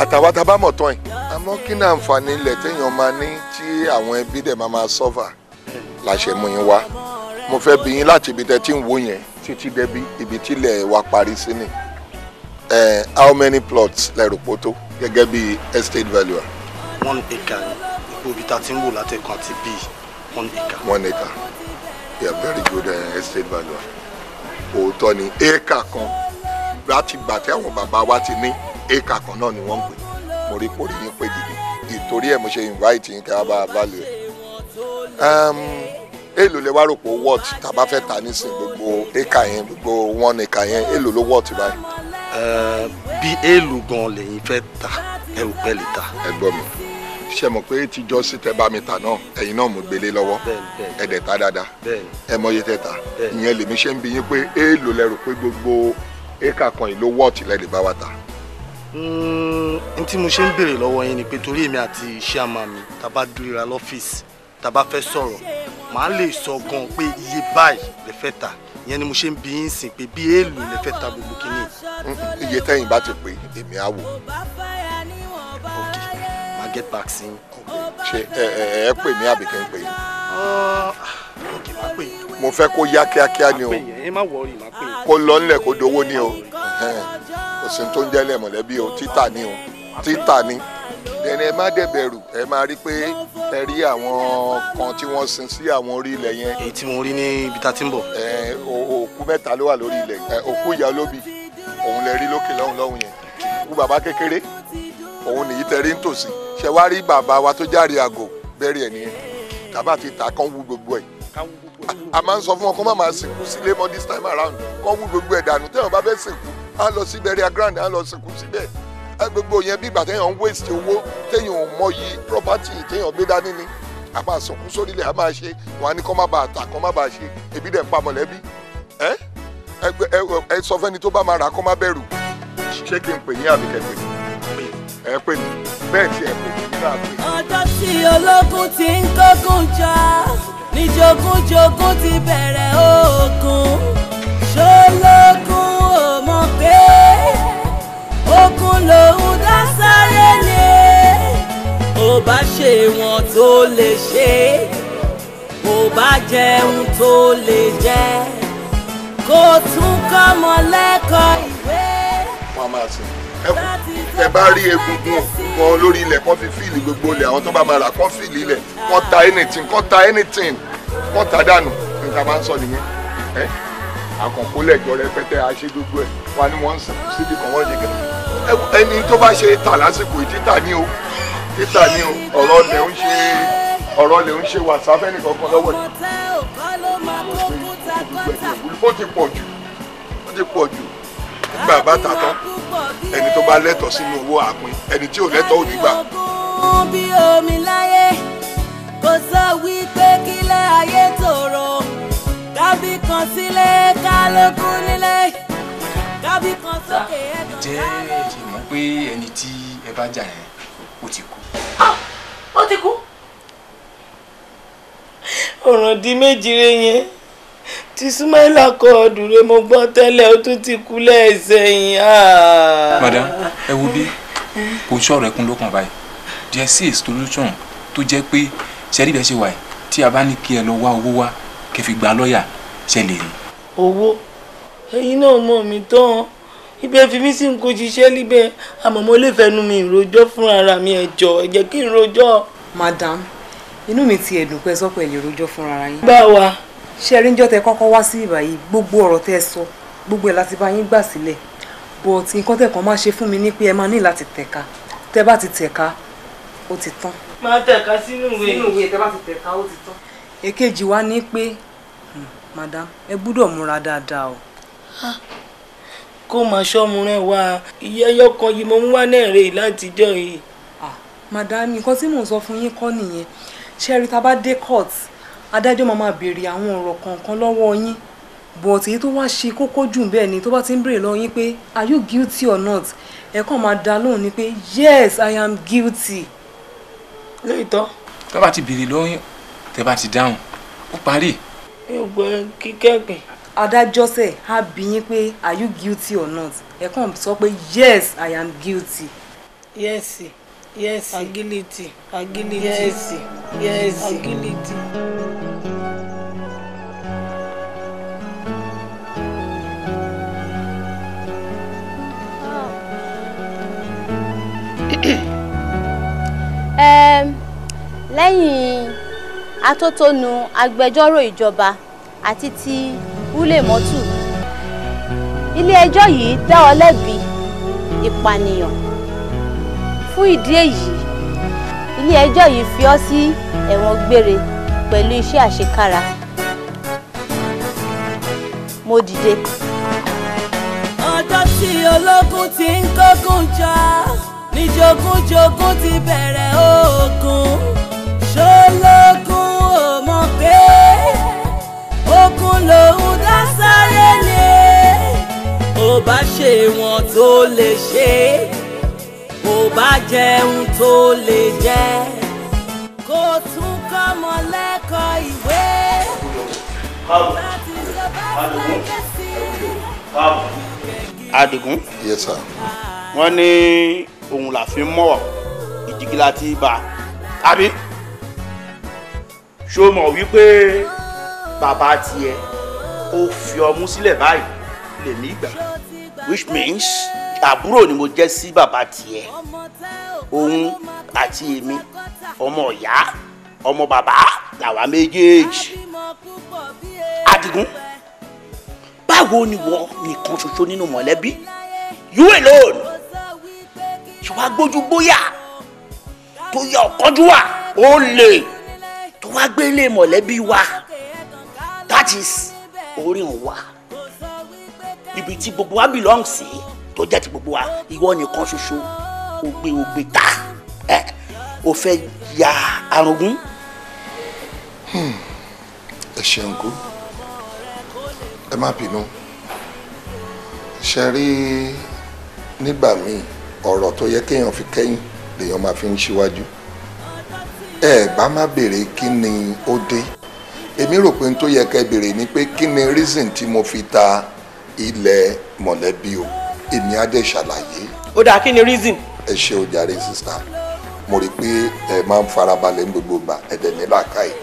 àtàwọn tá a bá mọ̀ tán ẹ̀ àmọ́ kí náà ń fa ní ilẹ̀ téèyàn máa ní tí àwọn ẹbí dẹ̀ máa máa sọ́fà làṣẹ mú yín wá mo fẹ́ bi yín láti ibi tẹ́ tí ń wò yẹn títí débi ibi tílẹ̀ wa parí sí ni how many plots lẹ́rù pótó gẹ́gẹ́ bí estate valuer. one acre gbogbo ibi tá a ti ń wò àti bí one acre. one acre yeah very good uh, estate valuer òótọ́ ni éèkà kan láti gbà tí àwọn bàbá wa ti ní acre kan náà ni wọ́n ń pè mo rí kórè yín pé gidi ìtorí ẹ̀ mo ṣe invite yín kí a bá a value ẹ̀ èlò lè wá rò pé wọ́ọ̀t tá a bá fẹ́ ta nísìn gbogbo éka yẹn gbogbo wọn éka yẹn èlò ló wọ́ọ̀t báyìí. bí èlò gan lẹ́yìn fẹ́ ta ẹ ò pẹ́ lè ta. ẹ gbọ́ mi ṣe mọ̀ pé tíjọ́ sí tẹ bá mi tà náà ẹ̀yin náà mo gbélé lọ́wọ́ ẹ̀dẹ̀ ta dáadáa ẹ mọye tẹ ta ìyẹn lèmi ṣe ń bi yín pé èèlò lẹ rò pé gbogbo éka kan yìí ló wọ́ọ̀tì lẹ lè bá wa ta. Hmm, n tí mo ṣe ń béèrè lọ́wọ́ yín ni pé torí èmi àti iṣẹ́ àmà mi tá dúró ra lọ́fíìsì tàbá fẹ́ sọ̀rọ̀ màá lè sọ gan pé iye báyìí lè fẹ́ ta ìyẹn ni mo ṣe ń bi yín sìn pé bí èèlò lè fẹ́ ta gbogbo kìíní. iye tẹ́yìn bá ti pè èmi á wò. ok ma get back sí i. ṣe ẹ ẹ ẹ pè mí àbí kí n pè yín. Ah, ok má pè yín. mo fẹ́ kó yá kíákíá ni o. má pè yín ẹ má wọrí má pè yín. kó lọ nílẹ̀ kó dowó ni o. kò tó ń jẹ́lẹ̀ mọ̀lẹ́bí o títà ni o títà ni. Okay dẹni ẹ má dẹ̀ bẹ̀rù ẹ máa rí pé ẹ rí àwọn kan tí wọ́n sin sí àwọn orí ilẹ̀ yẹn. èyí tí mo rí ní ibi tá a ti ń bọ̀. ẹ òkú mẹ́ta ló wà lórí ilẹ̀ yẹn òkú ìyá olóbì òun lè rí lókè lọ́hùn lọ́hùn yẹn òkú bàbá kékeré òun nìyí tẹ rí nítòsí ṣe wá rí bàbá wa tó járe àgò bẹ́rẹ̀ ẹ̀ nìyẹn tàbá ti tà kán wú gbogbo ẹ̀ a máa ń sọ fún wọn kó má máa sìnkú sílé mọ́ this time around kán wú gbogbo ẹ̀ dànù tẹ́wọ̀n bá fẹ́ sìnkú á lọ sí burial ground á lọ sìnkú síbẹ̀ gbogbo yẹn bí ìgbà téèyàn ń waste owó téèyàn ò mọyì property téèyàn gbé dání ni a sọkún sórílẹ̀ a máa ṣe wọn á ní kọ́ má bàa tà kọ́ má bàa ṣe ebi dẹ̀ ń pa mọ̀lẹ́bí ẹ ẹ sọ fẹ́ni tó bá máa rà kọ́ má bẹ̀rù ṣé kí n pè yín àbí pè mí ẹ pè mí bẹ́ẹ̀ tí ẹ pè mí nínú àpè. ọjọ́ tí ológun ti ń kógun jà ní jogúnjogún ti bẹ̀rẹ̀ ogun ṣológun ò mọ̀ pé okun lòun dá sáré lé ó bá ṣe wọn tó lè ṣe ó bá jẹun tó lè jẹ kó tún kọ́ mọ lẹ́kọ̀ọ́ ìwé. mama sin ẹ bá rí egungun wọn lórí ilẹ̀ kan fi fíìlì gbogbo ilẹ̀ àwọn tó bá máa rà kan fíìlì ilẹ̀ kan ta anything kan ta anything kan ta dànù nǹkan máa ń sọ nìyẹn àkànkólẹ̀ jọ rẹpẹtẹ aṣẹ́gbogbo ẹ̀ wà ní wọ́n ń sìnkú síbi kan wọ́n jẹ́ gẹ̀rẹ́ ẹni tó bá ṣe tà lásìkò títà ní o títà ní o ọ̀rọ̀ lè ń ṣe ọ̀rọ̀ lè ń ṣe wàsáfẹ́ nìkan kan lọ́wọ́ ni ó ti pọ̀ jù ó ti pọ̀ jù nígbà bá tà tán ẹni tó bá lẹ́tọ̀ọ́ sínú owó àpín ẹni tí ò lẹ́tọ̀ọ́ ò ní gbà. bí omi láyé kò sọ wípé kílẹ̀ ayé tòrò kábí kan sílé kálukú nílé ǹjẹ́ ẹ ti mọ̀ pé ẹni tí ẹ bá jà yẹn ó ti kú. ó ti kú. ọ̀ràn di méjìlé yẹn tí Súmáìlà kọ ọ̀dùnrẹ́ mo gbọ́ tẹ́lẹ̀ ó tún ti kú lẹ́ẹ̀sẹ̀yìn. madam ẹ wo bí kò ń ṣọ̀rọ̀ ẹkún ló kàn báyìí there is a solution tó jẹ́ pé ṣẹ́rí bẹ́ẹ̀ ṣe wà tí a bá ní kí ẹ lọ wá owó wá kẹfì gba lọ́ọ̀yà ṣẹlẹ̀ rí. owó. Oh, ẹ̀yin náà mọ̀ mí tán ibẹ̀ fi mí sí ń kó ṣiṣẹ́ níbẹ̀ àmọ́ mo lè fẹnu mi ìròjọ́ fúnra mi ẹ̀jọ̀ ẹ kí n rojọ́. madam inú mi ti ẹ̀dùn pé ẹ sọ pé ẹ lè rojọ́ fúnra ara yín. báwa. ṣé ẹ rí níjọ́ tẹ kọ́kọ́ wá sí ìbà yìí gbogbo ọ̀rọ̀ tẹ sọ gbogbo ẹ̀ láti bá yín gbà sílẹ̀ but nǹkan tẹ̀ kàn máa ṣe fún mi ní pé ẹ máa ní láti tẹ̀ka tẹ bá ti tẹ̀ka ó ti tán. máa tẹ̀ka sínú ìwé sínú ìwé tẹ bá ti tẹ̀ka ó ti tán. èkejì wa ní pé hmm, madam ẹ gbúdọ̀ múra dáadáa o kó máa ṣọ́mùrẹ́ wa ìyá ẹyọkan yìí mo ń wá náà rè látijọ́ yìí. màdàmí nǹkan tí mò ń sọ fún yín kọ́ nìyẹn ṣẹ́rí tá a bá dé court adájọ́ máa máa béèrè àwọn ọ̀rọ̀ kọ̀ọ̀kan lọ́wọ́ yín but èyí tó wá ṣe kókó jù bẹ́ẹ̀ ni tó bá ti ń béèrè lọ́wọ́ yín pé are you guilty or not ẹ kàn máa dá lóhùn ni pé yes i am guilty. lóòótọ́. tó bá ti béèrè lọ́wọ́ yín tẹ́ bá ti dáhùn ó parí. mi ò gbọ́ kíkẹ́gbìn adájọ́ sẹ̀ á bi yín pé are you guilty or not ẹ kàn sọ pé yes i am guilty. yes yes i'm guilty i'm guilty yes yes i'm guilty. um, lẹ́yìn atótónu agbẹjọ́rò ìjọba àti ti. Ulemotu ilé-ẹjọ́ yìí dá ọ lẹ́bi ìpànìyàn fún ìdí èyí ilé-ẹjọ́ yìí fi ọ́ sí ẹ̀wọ̀n gbére pẹ̀lú iṣẹ́ àṣekára mo dìde. ọjọ́ tí ológun ti ń kógun jà ní jogúnjogún ti bẹ̀rẹ̀ ogun ṣológun okun lòun dá sáré lé ó bá ṣe wọn tó lè ṣe ó bá jẹun tó lè jẹ kó tún kọ́mọ lẹ́kọ̀ọ́ ìwé láti lọ bá ṣàkóso adigun. yes sir. wọ́n ní òun la fi mọ̀ ìdígí láti bá a àbí ṣó mọ̀ wípé bàbá tiẹ̀ ó fi ọmú sílẹ̀ báyìí lèmi gbà which means àbúrò ni mo jẹ́ sí bàbá tiẹ̀ òun àti èmi ọmọ ọ̀yá ọmọ bàbá làwa méjèèjì Adigun báwo ni wọ́n nìkan ṣoṣo nínú mọ̀lẹ́bí you alone ṣùgbọ́n agbójú gbóyà tó yẹ ọ̀kánjú wà ó lè tó wá gbélé mọ̀lẹ́bí wa parties orí ń wá ibi tí gbogbo wa belong sí tó jẹ́ ti gbogbo wa ìwọ nìkan ṣoṣo ògbé ògbé ta ò fẹ́ ya àrùngún. Hmm. ẹ ṣeun kú ẹ má bínú ṣe rí nígbà míì ọ̀rọ̀ tó yẹ kéèyàn fi kẹ́yìn lèèyàn máa fi ń ṣíwájú ẹ bá má béèrè kí ni ó dé èmi rò pé n tó yẹ kẹ́ béèrè ni pé kí ni reason tí mo fi ta ilẹ̀ mọ̀lẹ́bí o èmi á dẹ̀ ṣàlàyé. ó dáa kí ni reason. ẹ ṣe o jàre sísá mo rí i pé ẹ máa ń farabalẹ̀ ní gbogbo ìgbà ẹ ní làákàyè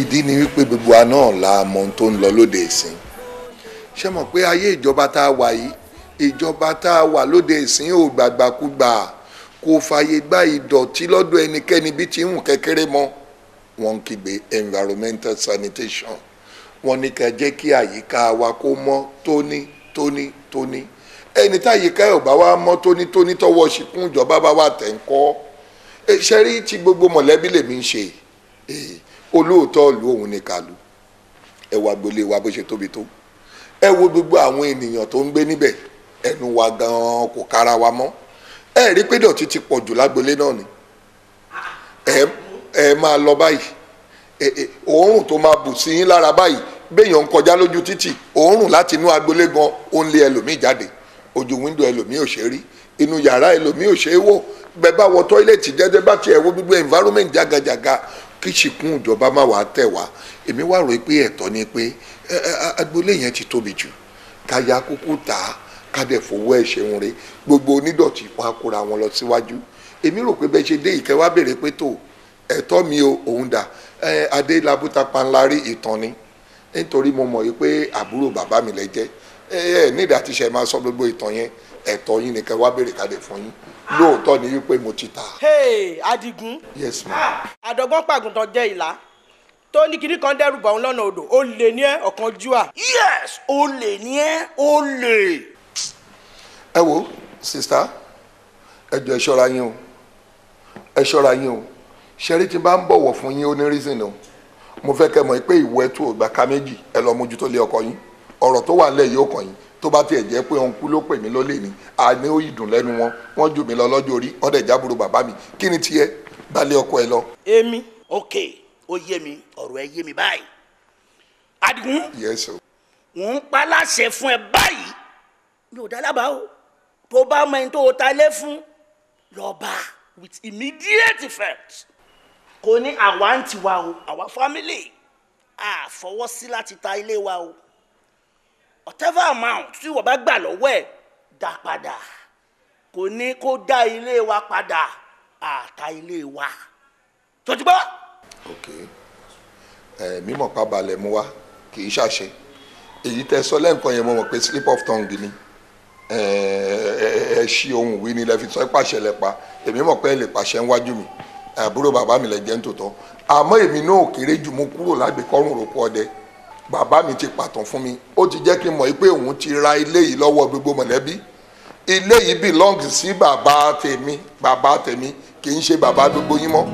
ìdí ni wípé gbogbo wa náà la mọ ohun tó ń lọ lóde ìsìn ṣé mọ̀ pé ayé ìjọba tá a wà yìí ìjọba tá a wà lóde ìsìn ò gbàgbàkúgbà kò fààyè gba ìdọ̀tí lọ́dọ̀ ẹnikẹ́ni bí ti ń hùn kékeré mọ́ wọ́n ń kígbe environmental sanitation wọ́n ní ká jẹ́ kí àyíká wa kó mọ́ tóní tóní tóní ẹni táyíká ẹ̀ ò bá wá mọ́ tóní tóní tọwọ́ ṣìkún ìjọba bá wà tẹ̀ ń kọ́ ṣe rí tí gbogbo mọ̀lẹ́bí lèmi ń ṣe eh, olóòótọ́ ìlú òun ni kàlù ẹ wá gbolé wa bó ṣe tóbi tó ẹ wo gbogbo àwọn ènìyàn tó ń gbé níbẹ̀ ẹnu wa gan-an kò kára wa mọ́ ẹ rí pé dọ̀tí ti pọ̀ jù lágbolé náà ni ẹ ẹ máa lọ báyìí òórùn tó máa bù sí yín lára báyìí béèyàn ń kọjá lójú títì òórùn láti inú agbolé gan ó ń lé ẹlòmíì jáde ojú wíńdò ẹlòmíì ò ṣe rí inú yàrá ẹlòmíì ò ṣe é wò bẹ́ẹ̀ bá wọ tọ́ílẹ̀tì jẹ́jẹ́ bá tiẹ̀ wo gbogbo environment jagajaga kí ṣìkún ìjọba má wàá tẹ̀ wá èmi wá rò pé ẹ̀tọ́ ni pé agbolé yẹn ti tóbi jù káyà kúkú tà á kádẹ̀ fowó ẹ̀ ṣeun re gbogbo onídọ̀tí wọn kóra wọn lọ síwájú èmi rò pé bẹ́ẹ̀ ṣe dé ìkẹwàá béèrè pé tó o ẹ̀tọ́ mi o òun dà adélábù tapanlárí ìtàn ni nítorí mo mọ̀ yìí pé àbúrò bàbá mi lẹ jẹ́ ẹ nídìí àti ṣe máa sọ gbogbo ìtàn yẹn ẹ̀tọ́ yín nìkan wá béèrè kalẹ̀ fún yín lóòótọ́ ni wípé mo ti tà. hey adigun. yes ma. Ah, àdọ́gbọ́n pàgùntàn jẹ́ ìlà tó ní kinní kan dẹ́rù bà òun lọ́nà odò ó lè ní ẹ́ ọ̀kan júà. yes ó lè ní ẹ́ ó lè. ẹ wo sista ẹ jọ ẹ ṣọ́ra yín o ẹ ṣọ́ra yín o ṣeré tí n bá ń bọ̀wọ̀ fún yín ó ní reason o mo fẹ́ kẹ́ mọ̀ pé ìwọ ẹtú ògbà ká méjì ẹ lọ mójú tó lé ọkọ yín ọ̀rọ̀ tó wà nílẹ̀ yìí kàn yín tó bá tiẹ̀ jẹ́ pé òun kú ló pè mí lólè ni àní ó yìdùn lẹ́nu wọn wọ́n jù mí lọ lọ́jọ́ orí ọ̀dẹ̀ ìjábùrò bàbá mi kí ni tiẹ̀ balẹ̀ ọkọ ẹ lọ. èmi ok ó yé mi ọ̀rọ̀ ẹ yé mi báyìí Adigun yes o ń pa láṣẹ fún ẹ báyìí mi ò dálábàá o tó bá mọ ẹni tó o ta lé fún lọ́ọ́ bá with immediate effect kò ní àwa ń tiwa o àwa family àfọwọ́sí láti ta ilé wa o whatever amount tí wọ́n bá gbà lọ́wọ́ ẹ̀ dá padà kò ní kó dá ilé wa padà àta ilé wa tó ti gbọ́. ok ẹ mímọ̀ pa balẹ̀ mu wá kì í ṣàṣe èyí tẹ sọ lẹ́ǹkan yẹn mo mọ̀ pé slip of tongue ni ẹ ẹ ṣí ohun wí ni lẹ́fi sọ pàṣẹ lẹ́pa èmi mọ̀ pé ẹ lè pàṣẹ níwájú mi àbúrò bàbá mi lẹ́jẹ̀ ń tòótọ́ àmọ́ èmi náà kéré jù mú kúrò lágbè kọ́rùn rògbò ọdẹ bàbá mi ti pàtàn fún mi ó ti jẹ́ kí n mọ̀ pé òun ti ra ilé yìí lọ́wọ́ gbogbo mọ̀lẹ́bí ilé yìí belong sí bàbá tèmi bàbá tèmi kì í ṣe bàbá gbogbo yín mọ́.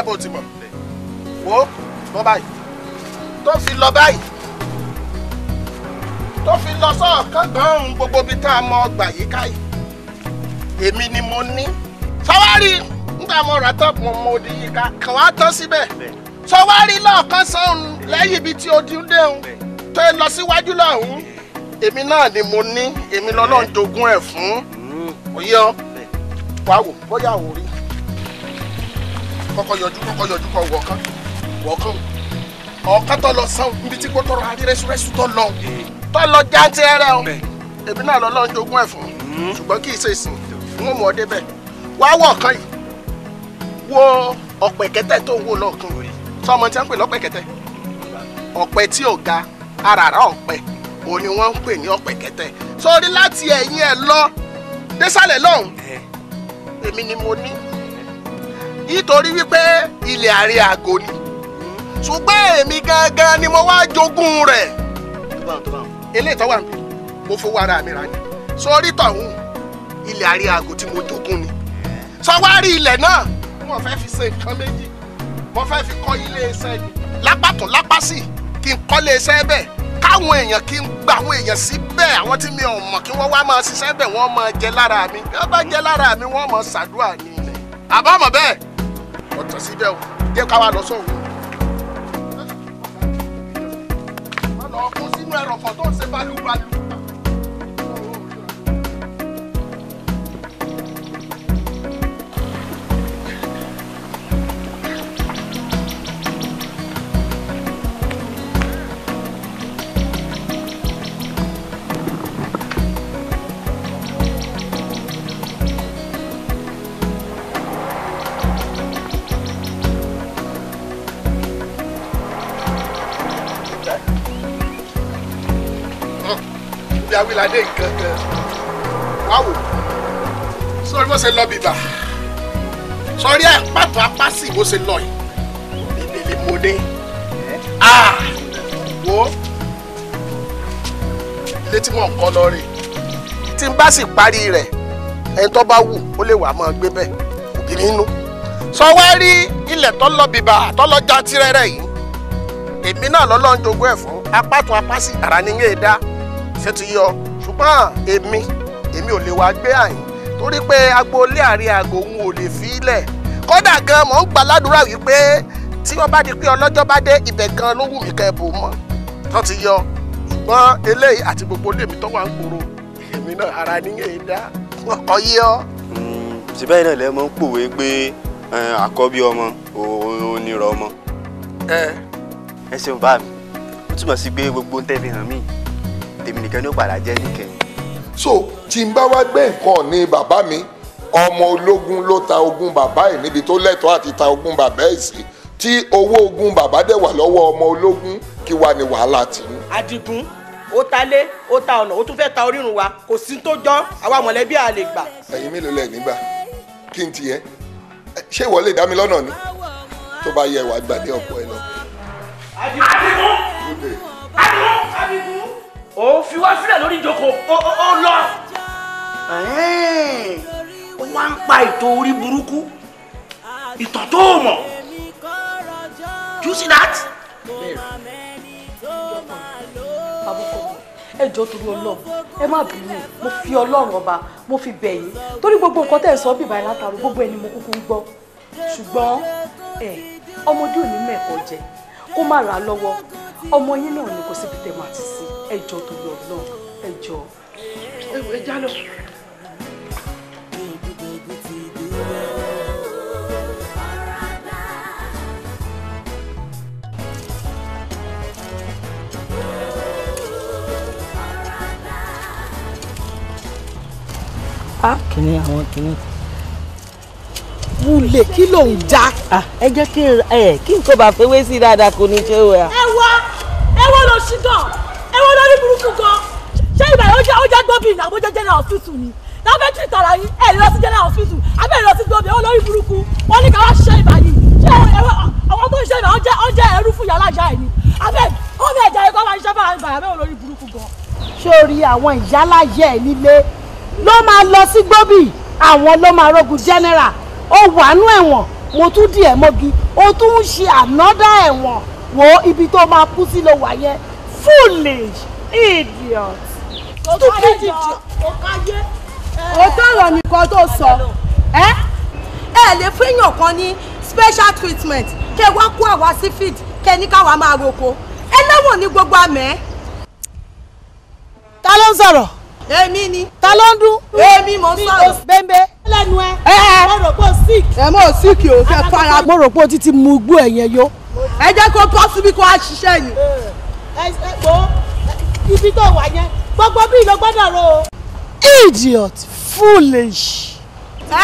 gẹ́gẹ́ bó ti mọ̀ wo mọ báyìí tó fi lọ báyìí tó fi lọ sọ́ọ̀kan gan-an gbogbo ibi tá a mọ ọgbà yìí káyìí èmi ni mo ní sọwárí nígbà mo rà tán mo mo di yíká kàn wá tán síbẹ̀ sọwárí lọ́ọ̀kan sọ́hun lẹ́yìn ibi tí odi ń déhun tó lọ síwájú lọ́hùn èmi náà ni mo ní èmi lọ́lọ́run jogún ẹ̀ fún òye ọ wàá wò bóyá wò kọ́kọ́ yọjú kọ́kọ́ yọjú kọ́ wọ̀ọ́kán wọ̀ọ́kán ọ̀ọ́kán tó lọ sàn níbi tí kò tọrọ àrí rẹ́sùrẹ́sù tó lọ tó lọ jáǹtì rẹ o èmi náà lọ́lọ́ ń jogún ẹ̀ fún hmm. ṣùgbọ́n kì í ṣe ìsìn wọn mọ̀ ọ́ débẹ̀ wá wọ̀ọ́kán yìí wo ọ̀pẹ̀ kẹtẹ tó ń wo lọ́ọ̀kan sọmọ tí wọ́n ń pè lọ́pẹ̀ kẹtẹ ọ̀pẹ̀ tí ò ga aràrá ọ̀pẹ̀ òun ni wọ́n ń pè ní ọ̀pẹ̀ kẹtẹ sórí láti ẹ̀yìn ẹ̀ lọ désàlẹ̀ lọ́hùn èmi ni mo ní nítorí wípé ilẹ̀ àrẹ àgò ni ṣùgbọ́n èmi gangan ni mo wá jogún rẹ̀ eléyìí tó wà mí mo fowó ara mi ra ni sọrí tọ̀hún ilẹ̀ àrẹ àgò tí mo jogún ni sọwárí ilẹ̀ náà mo fẹ́ fi ṣe nǹkan méjì mo fẹ́ fi kọ́ ilé iṣẹ́ ni lápàtọ̀ lápàsì kí n kọ́lé iṣẹ́ bẹ́ẹ̀ káwọn èèyàn kí n gba àwọn èèyàn síbẹ̀ àwọn tí mi ò mọ̀ kí wọ́n wá máa ṣiṣẹ́ bẹ̀ wọ́n máa jẹ lára mi bí wọ́n bá jẹ lára mi wọ́n máa ṣàdúrà ní ilẹ̀ àbámọ̀ bẹ́ẹ̀ ọ̀tàn síbẹ̀ o jẹ́ ká wá lọ sọ́hùn. má lọ kó sínú ẹrọ̀fọ̀ tó ń ṣe balùbalù. ládé nǹkan kan wáwò sórí bó ṣe lọ bìbà sórí àpàtọ apásì bó ṣe lọ yìí ìdílé mo dé wo ilé tí mò ń kọ́ lọ rè tí n bá sì parí rẹ̀ ẹni tó bá wù ó lè wà máa gbé bẹ́ẹ̀ òbí nínú sọ wá rí ilẹ̀ tó lọ bìbà tó lọ já tirẹ̀rẹ̀ yìí èmi náà lọ́lọ́ ń jogún ẹ̀ fún apá tún apá sí ara níyẹn e dá ṣètò yọ pọ́n èmi èmi ò lè wá gbé àyìn torí pé agboolé àárín aago òun ò lè fi í kódà gan mò ń gbàládùra wípé tí wọ́n bá di pé ọlọ́jọ́ bá dé ibẹ̀ gan ló wù mí kẹ́ mọ́ tó ti yọ ṣùgbọ́n eléyìí àti gbogbo lèmi tó wà ń gbòòrò èmi náà ara níyẹn dá ọkọ yí ọ. síbẹ̀ hmm, náà lẹ́ mọ́ ń pòwe pé àkọ́bí ọmọ òun ọmọ. ẹ ẹ ṣeun bá mi ó túmọ̀ sí pé gbogbo ń tẹ̀lé hàn míì tèmi nìkan ni ó padà jẹ́ níkẹyìn. so tí n bá wá gbé nǹkan ní bàbá mi ọmọ ológun ló ta ogún bàbá ẹ̀ níbi tó lẹ́tọ̀ọ́ àti ta ogún bàbá ẹ̀ sí tí owó ogún bàbá dẹ̀ wà lọ́wọ́ ọmọ ológun kí wá ní wàhálà tì í. Adigun ó ta lé ó ta ọ̀nà ó tún fẹ́ ta orírun wa kò sí tó jọ́ àwa mọ̀lẹ́bí a lè gbà. ẹ̀yin mélòó lẹ nígbà kí n tiẹ̀ ṣé ìwọ lè dá mi lọ́nà ni tó bá yẹ ìwà gbà ní ọ̀pọ̀ ẹ lọ. Adigun Adigun Adigun ó fi wá sílẹ̀ lórí ìjókòó ó lọ ó wá ń pa ìtò orí burúkú ìtọ̀ tó mọ̀ you see that. ẹ jọ̀ọ́ torí Ọlọ́run ẹ má bínú mo fi Ọlọ́run ọba mo fi bẹ̀ yín torí gbogbo nǹkan tẹ́ ẹ sọ bíbá ẹ látàrú gbogbo ẹni mo kúkú ń gbọ́ ṣùgbọ́n ẹ ọmọdé ò ní mẹkọ jẹ kó má rà lọ́wọ́ ọmọ yín náà ni kò síbi tẹ̀ máa ti sí ẹjọ́ tó lọ náà ẹjọ́ ẹjá lọ. kìnìún àwọn kìnìún wulẹ̀ kí ló ń já. ẹ jẹ́ kí ẹ kí nǹkan bá fẹ́ wé sí dáadáa kò ní ṣe wẹ̀. ẹ wá ẹ wá lọ sí gan ẹ wá lórí burúkú gan ṣé ìgbà yóò jẹ ọjà gbọ́bì ní àbójá general hospital ni lábẹ́ tí ìtara yín ẹ lọ sí general hospital abẹ́ lọ sí gbọ́bì ẹ wá lórí burúkú wọ́n ní ká wá ṣe ìbà yìí ṣé àwọn tó ń ṣe ìbà wọ́n jẹ́ ẹrú fún yàrá ìyá ẹ̀ ni abẹ́ wọ́n fẹ́ jà ẹ̀kọ́ máa ṣiṣẹ́ fún àwọn ìbà yàrá lórí burúkú gan. sórí àwọn ìyálà yẹ ẹ nílé ló máa lọ sí gbọ́bì àwọn ló máa rogun general ó wàánú ẹ̀wọ̀n mo tún di ẹ̀ mọ́gi ó tún ń ṣe ànádà ẹ̀wọ̀n wo ibi tó máa kú sí ló wà yẹn foolish idiot stupid idiot. òótọ́ ọ̀rọ̀ nìkan tó sọ ẹ́ ẹ lè fẹ́yàn kan ní special treatment kẹ wá kó àwa sí field kẹ ní káwa máa roko ẹlẹ́wọ̀n ní gbogbo àmẹ́. ta ló ń sọ̀rọ̀. èmi ni. ta ló ń dún. èmi mo ń sọ̀rọ̀. bẹ́ẹ̀ bẹ́ẹ̀ lẹ́nu ẹ. ẹ mo rò pé o sick. ẹ mo sick o fẹ́ fara mo rò pé o ti ti mu gbó ẹ̀yẹn yó. ẹ jẹ́ kó bọ́ síbi kó a ṣiṣẹ́ yìí. ẹ ẹ gbọ́ ibi tó wà yẹn gbogbo bí ló gbọ́dọ̀ ro o. idiot foolish.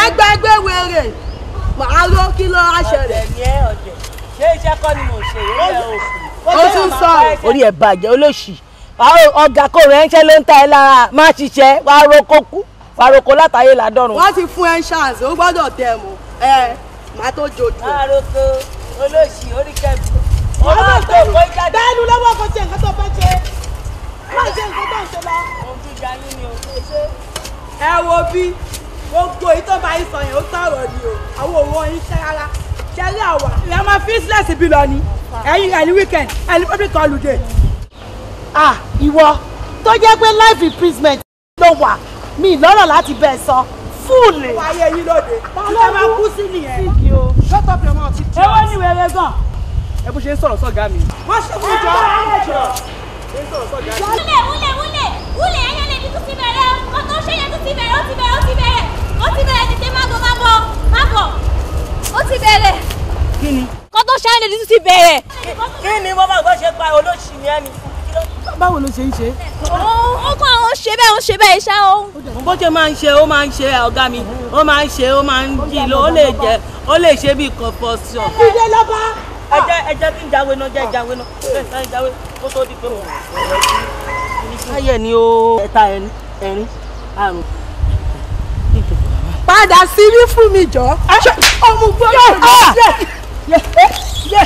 ẹgbẹgbẹ wèrè màá ló kí ló á ṣẹlẹ̀. ọ̀dẹ̀ ni ẹ ọ̀dẹ̀ ṣé iṣẹ́ kọ́ ni mo ṣe ìrẹ́lẹ̀ òfin. ó tún sọ orí ẹ̀ bàjẹ́ olóṣì ọ̀gá kò rẹ́ńṣẹ́ ló ń ta ẹ lára má ṣiṣẹ́ wàá roko kú faroko látàyè ládọ́run. wọ́n ti fún ẹ ṣáàṣì ó gbọ́dọ̀ tẹ̀ mọ́ ẹ màá tó jojú. faroko olóṣì oríkẹ́mi. olóòtú kò ń jáde. bẹ́ẹ̀ ni lọ́wọ́ kò ṣe nǹkan tó fẹ́ ṣe má ṣe nǹkan tó ń ṣe lọ. ohun tó ga yín ni o kò ṣe. ẹ wo bí gbogbo ìtọ́ bá yín sọ yẹn ó sọ̀rọ̀ ni o àwọn òun ọyìn ṣẹ́ rárá ṣẹ́lẹ̀ àwà. ìyá máa fi sílẹ̀sì bí lọ ni ẹ̀yin ẹ̀ní weekend ẹ̀ní public holiday. ah ìwọ tó jẹ́ pé life imprisonment ló wà mi lọ́rọ̀ láti bẹ́ẹ̀ sọ fúùlì. wáyé yín lóde ìjọba máa kú sí nìyẹn. shut up your mouth ti jọ. ewé ni wẹ́rẹ́ gan. ẹ bó ṣe ń sọ̀rọ̀ sọ̀gá mi. wọ́n ṣe fún ìjọ ẹ̀jọ̀. wúlẹ̀ wúlẹ̀ wúlẹ̀ wúlẹ̀ ẹ̀yẹ́ lè ní tún ti bẹ̀rẹ̀ o tó ṣe yẹn tún ti bẹ̀rẹ̀ ó ti bẹ̀rẹ̀ ó ti bẹ̀rẹ̀ ó ti bẹ̀rẹ̀ tètè má bọ̀ má bọ̀ má bọ̀ ó ti bẹ̀rẹ̀. kí ni. kọ́tọ́ ṣáà lè ní tún ti bẹ̀rẹ̀. kí ni bọ́bá gbọ́ ṣe pa olóṣì ni ẹni báwo ló ṣe ń ṣe. ó kọ́ ó ṣe bẹ́ẹ̀ ó ṣe bẹ́ẹ̀ ṣá o. bó ṣe máa ń ṣe ó máa ń ṣe ọ̀gá mi ó máa ń ṣe ó máa ń jí ló ó lè jẹ ó lè ṣe bí confusion. ìdílé ló bá. ẹ jẹ́ ẹ jẹ́ kí n jáwé náà jẹ́ jáwé náà kó tó di pé mo. ayé ni ó ẹ̀ta ẹ̀rin àrùn padà sí rí fún mi jọ. ọmọ gbọ́dọ̀ ah! yẹ yẹ yẹ.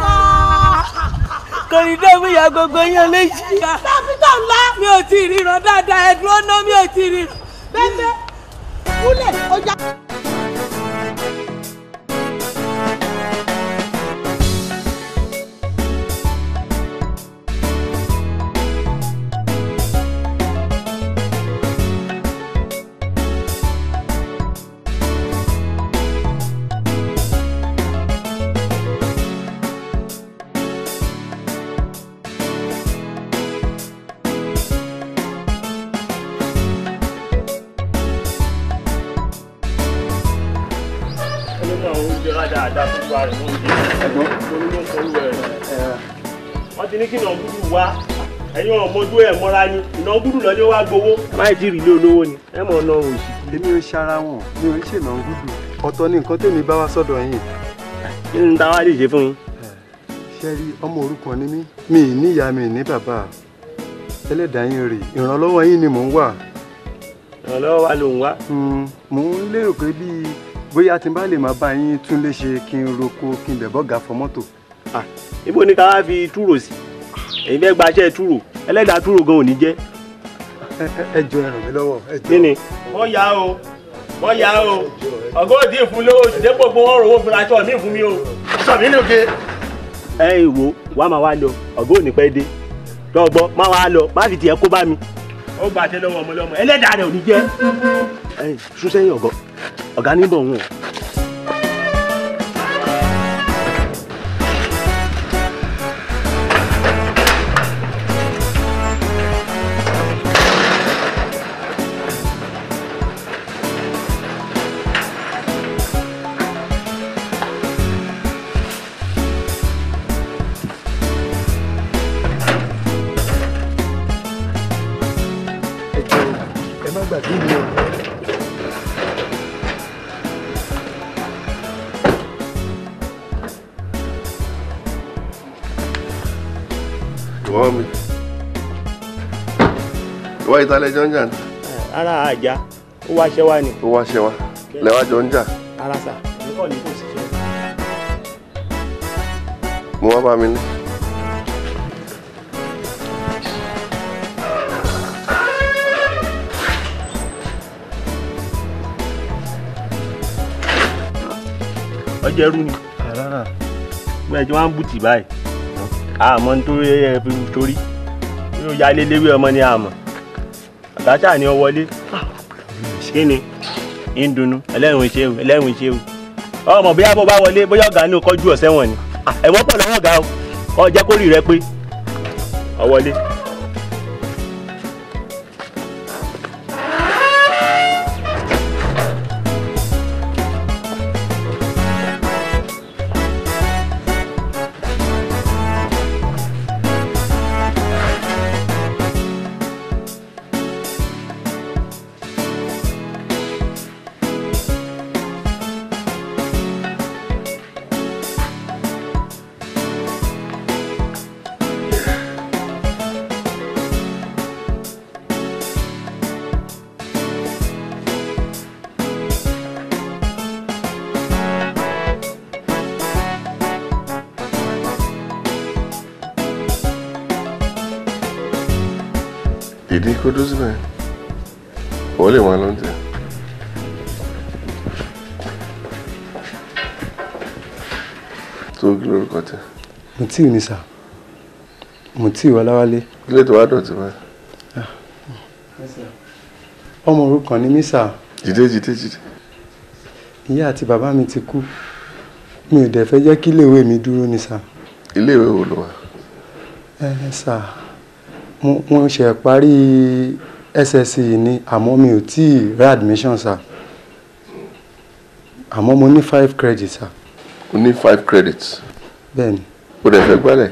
kòrídọ́ mi ìyá gbogbo yẹn léṣi. dókítà ńlá. mi ò tí ì ríran dáadáa ẹ̀dùn ọ̀nà mi ò tí ì ríran. bẹ́ẹ̀ bẹ́ẹ̀ kúlẹ̀ ó já. rọra ni ìnáwó gúdù lọ ni ó wá gbowó. máìjírì ilé olówó ni ẹ mọ̀ ọ̀nà òsì. èmi ò ṣara wọn mi ò ń ṣènà gúdù ọ̀tọ̀ ni nǹkan tèmi bá wá sọ́dọ̀ yín. kí ni táwa lè ṣe fún yín. ṣe rí ọmọ òrukàn ni mí mi ì níyà mi ì ní bàbá ẹlẹ́dàá yín rè ìrànlọ́wọ́ yín ni mò ń wà. ìrànlọ́wọ́ wa ló ń wá. Hmm, mò ń lérò pé bíi bóyá tí n bá lè máa bá yín tún lè ṣe kí n roko kí n bẹ̀ bọ́gà fọ mọ́tò. Ah, ibo ni ká wá fi túrò sí èyí fẹ́ gbaṣẹ́ túrò ẹlẹ́dàá túrò gan ò jẹ́. ẹ jọ ẹ ràn mí o wọ́n yá o ọ̀gá òdì ìfún lówó oṣù dépò gbọ́n wọ́n rówó mi o mi ní ẹ wàá wá lọ òní pẹ́ dé máa lọ má fi tiẹ̀ kó bá mi. ó gbà tẹ lọ́wọ́ ẹlẹ́dàá rẹ̀ ìwọ ìtàlẹ̀ jọ ń jà ní. ara àjà ó wá ṣẹ́ wá ni. ó wá ṣẹ́ wá lẹ́wà jọ ń jà. ara sà èmi kọ́ ni kò sí ṣe. mo wá bá mi ní. ọjọ́ ẹrú ni mo ẹ̀ tí wọ́n á ń bùtì báyìí àmọ́ nítorí ẹ̀ fi torí yóò yá lé léwé ọmọ ní àmọ́ bàtà ni ọ wọlé kí ni ń dùnnú ẹlẹ́rìn ìṣeun ẹlẹ́rìn ìṣeun ọmọ bóyá bó bá wọlé bóyá ọ̀gá ní o kọjú ọ̀sẹ̀ wọn ni ẹ̀wọ́n pọ̀ lọ́wọ́ ọ̀gá o jẹ́ kórìí rẹ pé ọ wọlé. Mutiu ni sà Mutiu Ọláwálé. ilé tó wá dọ̀tí wá. Ah. ọmọ òrukàn ni mí sà. jìdé jìdé jìdé. ìyá àti bàbá mi ti kú mi ò dẹ̀ fẹ́ jẹ́ kí iléèwé mi dúró ni sà. iléèwé wo ló wà. ẹ sà mo ṣe parí SSC ni àmọ́ mi ò tí ì rà admission sà àmọ́ mo ní five credits sà. o ní five credits. bẹ́ẹ̀ni o dẹ̀ fẹ́ gbálẹ̀.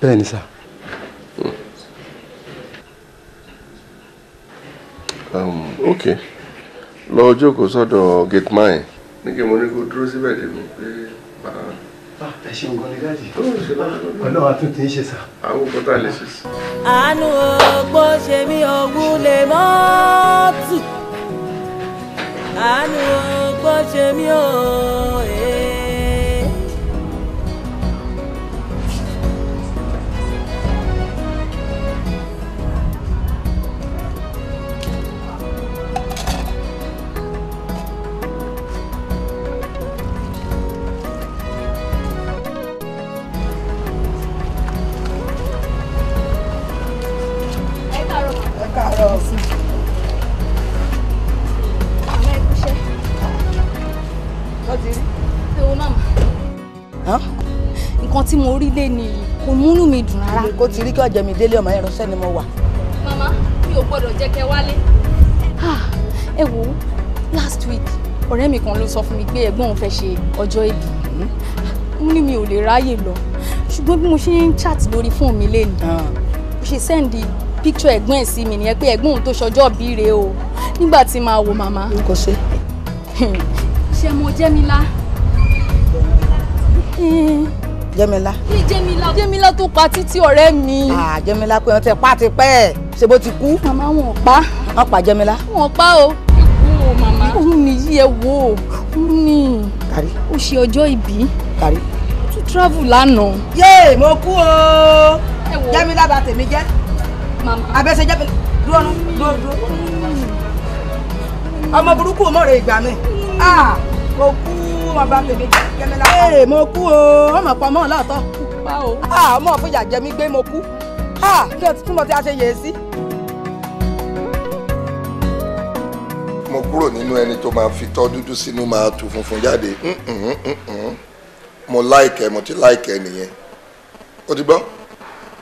bẹ́ẹ̀ ni um, ok lọ jókòó sọ́dọ̀ gate mine. ní kí mo ní kó dúró síbẹ̀ dèmi pé màá. Ah, ẹ ṣeun gan ni dájì. ọlọ́wà tún ti ń ṣe sà. àwọn òkú lè ṣe sí. àánú ògbó ṣe mí ogún lè mọ́ tù àánú ògbó ṣe mí òòó. káàárọ̀ ọ̀sán. ọ̀la ìkúṣẹ́. wọ́n ti rí. ewu màmá. nǹkan tí mo rí lé ni kò múnú mi dùn rárá. kó ti rí kí ọ̀jẹ̀ mi délé ọmọ ìránṣẹ́ ni mo wà. màmá mi ò gbọ́dọ̀ jẹ́ kẹ́ wálé. ẹ wo last week ọ̀rẹ́ mi kan ló sọ fún mi pé ẹ̀gbọ́n òun fẹ́ ṣe ọjọ́ ìbí ó ní mi ò lè ráyè lọ ṣùgbọ́n bí mo ṣe ń chat lórí fóònù mi lẹ́nu ah. mo ṣe sẹ́ndì picture ẹ̀gbọ́n ẹ̀ sí mi nìyẹn pé ẹ̀gbọ́n òun tó ṣọjọ́ bí re o nígbà tí máa wo màmá. n kò ṣe. ṣé mo jẹ́mílá. jẹ́mílá. bí jẹ́mílá jẹ́mílá tó pa títí ọ̀rẹ́ mi. jẹ́mílá pé wọ́n ti pa ti pẹ́ ẹ̀ ṣe bó ti kú. màmá wọn ò pa. wọ́n pa jẹ́mílá. wọn ò pa o. o màmá. òun nìyí ẹ wo òun ni. kárí. ó ṣe ọjọ́ ìbí. kárí. ó tún travel lánàá. yéè mo kú o. jẹ́mílá bà tèmi jẹ́ mama. abẹ́sẹ̀ jẹ́ pẹ̀lú dúró nu dúró dúró. ọmọ burúkú mọ̀ rẹ̀ ìgbà mi. Ah, mo kú bàbá bèbè kẹ́mẹ́lá. ee mo kú o ọmọ pọ̀ mọ́ lọ́tọ̀. ọmọ fújà jẹ mí gbé mo kú. kí ah, ló ti túmọ̀ tí a ṣe yèé sí. mo kúrò nínú ẹni tó máa fi tọ́ dúdú sínú máa tu funfun jáde mo láìkẹ́ mo ti láìkẹ́ nìyẹn ó ti gbọ́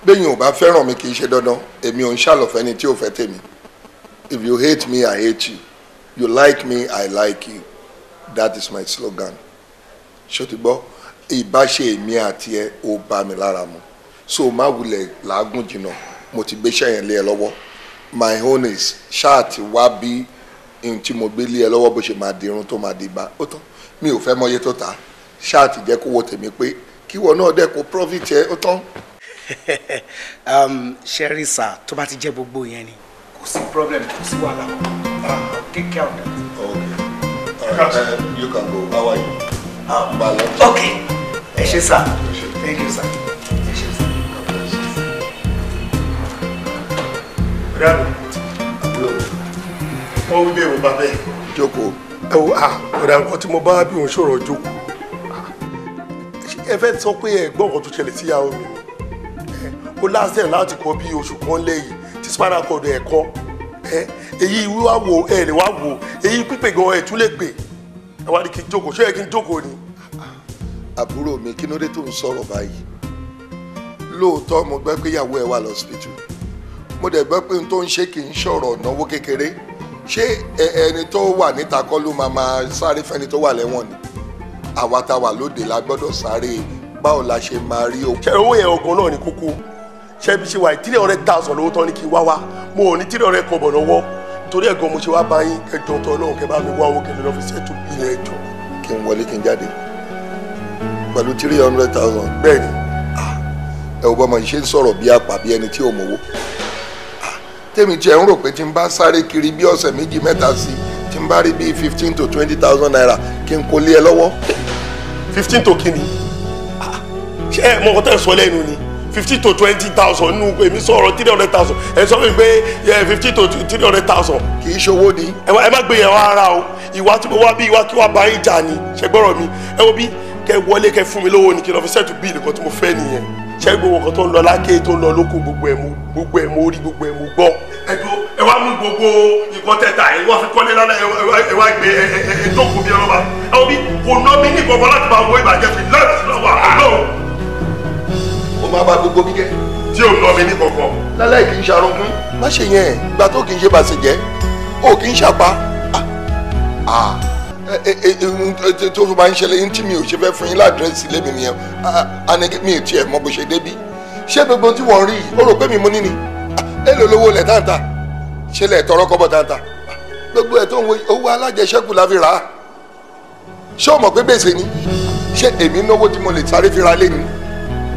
bẹ́yìn ò bá fẹ́ràn mi kì í ṣe dandan èmi ò ń ṣàlọ̀fẹ́ ni tí ò fẹ́ tèmi if you hate me I hate you you like me I like you that is my slogan ṣòtìgbọ́ ìbáṣe èmi àti ẹ ò bá mi lára mu so má wulẹ̀ làágùn jìnnà mo ti gbéṣẹ́ yẹn lé ẹ lọ́wọ́ my own is ṣáàtì wá bí ohun tí mo gbé lé ẹ lọ́wọ́ bó ṣe máa di irun tó máa di gbà ó tán mi ò fẹ́ mọyé tó ta ṣáàtì jẹ́ kó wọ tèmi pé kíwọ náà dẹ́ kó profit ẹ ó tán. Um, ṣẹ́rí sà tó bá ti jẹ́ gbogbo yẹn ni kò sí problem kò sí wàhálà ah, take care of that. okay all uh, you can go how are you. Um, okay ẹ ṣé sà thank you sir. ẹ ṣé sà. bravo wọ́n wí bẹ́ẹ̀ mo bá bẹ́ẹ̀. jókòó ẹ wo ah ọ̀dà nǹkan tí mo bá bí òun ṣòro jókòó ah, ẹ fẹ́ sọ pé ẹ gbọ́ nǹkan tó ṣẹlẹ̀ síyàwó mi ó last ẹ̀ láti kọ́ bí oṣù kan lẹ́yìn tí spinal cord ẹ̀ kọ́ ẹ èyí wíwá wo ẹ lè wá wo èyí pípé gan ẹ tún lè pè ẹ wá ní kí n jókòó ṣé ẹ kí n jókòó ni. àbúrò mi kí ló dé tó ń sọ̀rọ̀ báyìí lóòótọ́ mo gbẹ́ pé ìyàwó ẹ wà lọ́sibítù mo dẹ̀ gbẹ́ pé n tó ń ṣe kì í ṣọ̀rọ̀ náwó kékeré ṣé ẹni tó wà níta kọ́ ló máa máa sáré fẹ́ni tó wà lẹ́wọ̀n ni àwa ta wà lóde la gbọ́dọ̀ sáré báwo la ṣe máa rí o. ṣé owó yẹn oògùn náà ni kókó ṣebí ṣe wà three hundred thousand lówó tán ní kí wá wá mo ò ní three hundred kan bọ̀ lọ́wọ́ torí ẹ̀gàn mo ṣe wá bá yín ẹ̀jọ̀ tó náà kẹ́ bá mi wá owó kẹ́lẹ́ lọ́ọ́ fi ṣètò ilé ẹ̀jọ̀. kí n wọlé kí n jáde pẹ̀lú three hundred thousand. bẹ́ẹ̀ni ah, ẹ ò bá ọmọ yìí ṣe ń sọ̀rọ̀ bí apà bí ẹni tí ò mọ̀wó ah, tèmi tiẹ̀ ń rò pé tí n bá sáré kiri bí ọ̀sẹ̀ méjì mẹ́ta sí tí n bá rí bíi fifteen to twenty thousand naira kí n kò lé ẹ lọ́wọ́. fifteen to kí ni ah, ṣé ẹ mọ̀ ọ́ tẹ̀ sọ lẹ́nu ni fifty to twenty thousand nínú èmi sọ̀rọ̀ three hundred thousand ẹ̀ sọ fún mi pé fifty to three hundred thousand. kì í ṣòwò ni. ẹ má gbé yẹn wá ara o ìwà tí mo wá bí ìwà kí wàá bá yín jà ni ṣẹgbọ́rọ̀ mi ẹ wo bí kẹ wọlé kẹ fún mi lówó ni kí n lọ fi ṣètò bíi nìkan tí mo fẹ́ nìyẹn ṣé gbogbo nǹkan tó ń lọ lákè tó ń lọ lóko gbogbo ẹ̀ mo gbogbo ẹ̀ mo rí gbogbo ẹ̀ mo gbọ́. ẹ̀dùn ẹ wá mú gbogbo nǹkan tẹ̀ta ẹ wá fi kọ́lé lánàá ẹ wá gbé ẹ ẹ jókòó bí ọlọ́ba ẹ wọ́n bí kò ná mi ní ìbọ̀bọ̀ láti máa wọ ìbàjẹ́ fi lẹ́ẹ̀tì lọ́wọ́ àlọ́ máa bá gbogbo kíkẹ́. tí ò lọ mi ní kankan. lálẹ́ kì í ṣarúngún. má ṣe yẹn ìgbà tó kì í ṣe bàṣẹjẹ o kì í ṣapa tó fi máa ń ṣẹlẹ̀ tí mi ò ṣe fẹ́ fún yín ládírẹ́sì lémi nìyẹn anigi mi ò tiẹ̀ mọ bó ṣe débí ṣé gbogbo tí wọ́n rí o rò pé mi mú ní ni èlò lówó lẹ̀ táǹtà ṣe lẹ̀ tọrọ kọ́bọ̀ táǹtà gbogbo ẹ̀ tó ń wo owó alájẹṣẹ́kù la fi rà á ṣé o mọ̀ pé gbèsè ni ṣé èmi náwó tí mo lè sáré fi ra lé ni.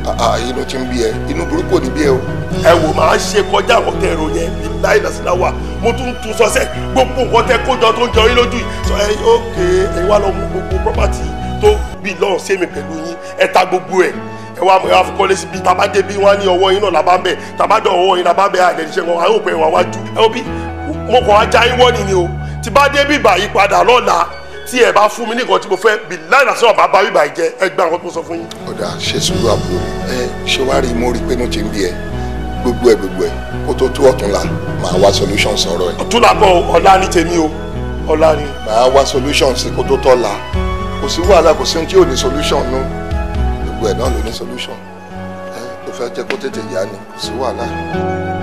Ah, ah, inú ti ń bí ẹ inú burúkú ní bí ẹ o. ẹ wò máa ń ṣe kọjá àwọn tẹ ẹrọ yẹn bí láì náà sí náà wà mo tún tún sọsẹ gbogbo nǹkan tẹ kójọ tó ń jọ yín lójú yìí sọ ẹ ókè ẹ wá lọ mú gbogbo property tó bí lọ́rùn sẹ́mi pẹ̀lú yín ẹ ta gbogbo ẹ̀ ẹ wá mọ̀ ẹ wá fi kọ́lé síbi tàbá débi wọn ní ọwọ́ yín náà làbá bẹ̀ tàbá ọwọ́ yín làbá bẹ̀ àdẹ̀níṣẹ́ wọn wọn wájú tí ẹ bá fún mi ní nǹkan tí mo fẹ́ bí láì lásán ọba bá bíbá ìjẹ ẹ gba nǹkan tí mo sọ fún yín. ọ̀dà ṣe sùúrù àbúrò ẹ ṣe wá rí mo rí pé mo ti ń bí ẹ gbogbo ẹ gbogbo ẹ kó tó tó ọ̀túnla màá wá solution sọ̀rọ̀ ẹ. ọ̀túnla kọ́ ọ̀la ní tèmi o ọ̀la ni. màá wá solution sí kó tó tọ́la kò sí wàhálà kò sí ohun tí ò ní solution nú gbogbo ẹ náà ló ní solution ẹ tó fẹ́ jẹ́ kó tètè yá ni kò sí wàhálà.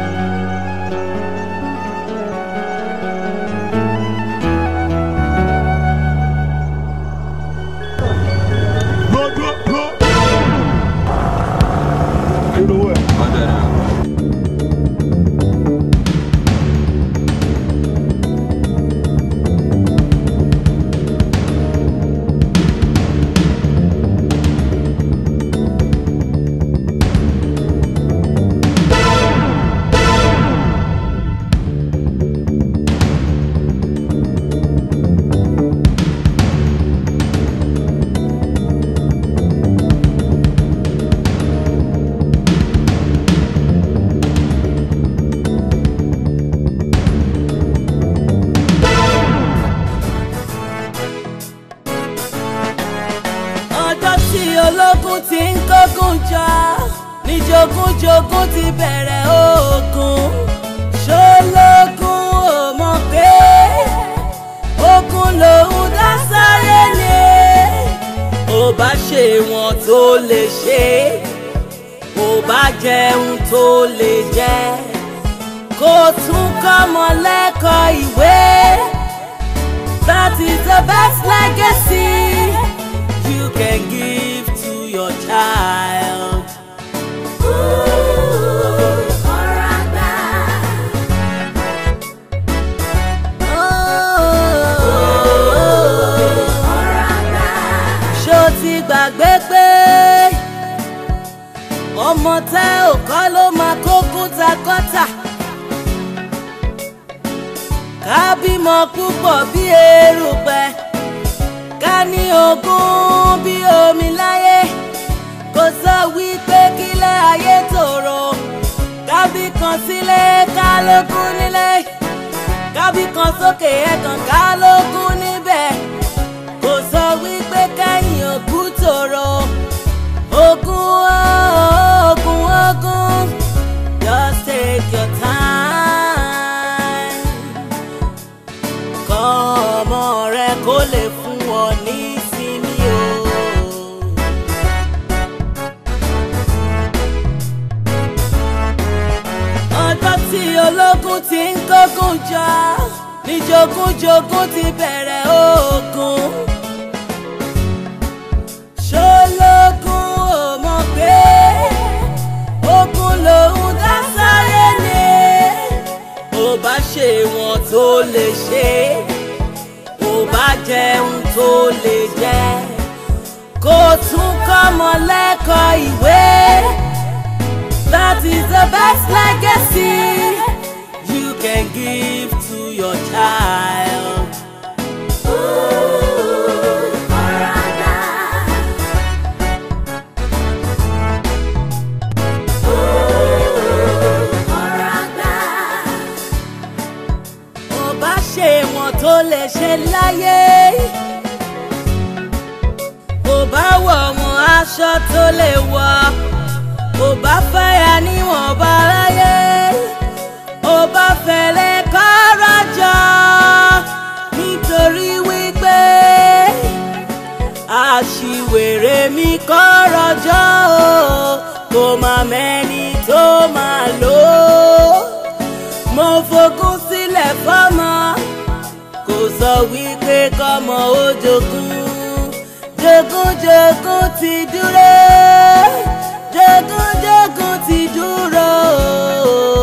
ọmọ tẹ́ ò kọ́ ló máa kó kútakọ́ta ká bímọ púpọ̀ bí erùpẹ̀ ká ní ogún bí omi láyé kò sọ wípé kílẹ̀ ayé tòrò kábí kan sílé ká lókun nílé kábí kan sókè ẹ̀kan ká lókun níbẹ̀ kò sọ wípé kẹ́yìn òkú tòrò. lè fún ọ ní ìsinmi o. ọjọ́ tí ológun ti ń kógun jà ní jogúnjogún ti bẹ̀rẹ̀ ogun. ṣológun ṣe wọn tó lè ṣe é má jẹun tó lè jẹ kó tún kọ́mọ lẹ́kọ̀ọ́ ìwé that is the best legacy you can give to your child. lè ṣe láyé kò bá wọ̀ wọ́n aṣọ tó lè wọ̀ kò bá fẹ́ ya níwọ̀nba láyé ó bá fẹ́lẹ́ kọ́ra jọ nítorí wípé àṣìwèrè mi kọ́rọ̀ jọ kò má mẹ́ni tó máa lò ó mo fogún sílẹ̀ fọ́mọ sọ wípé kọ́mọ ó jogún jogúnjogún ti dúró jogúnjogún ti dúró.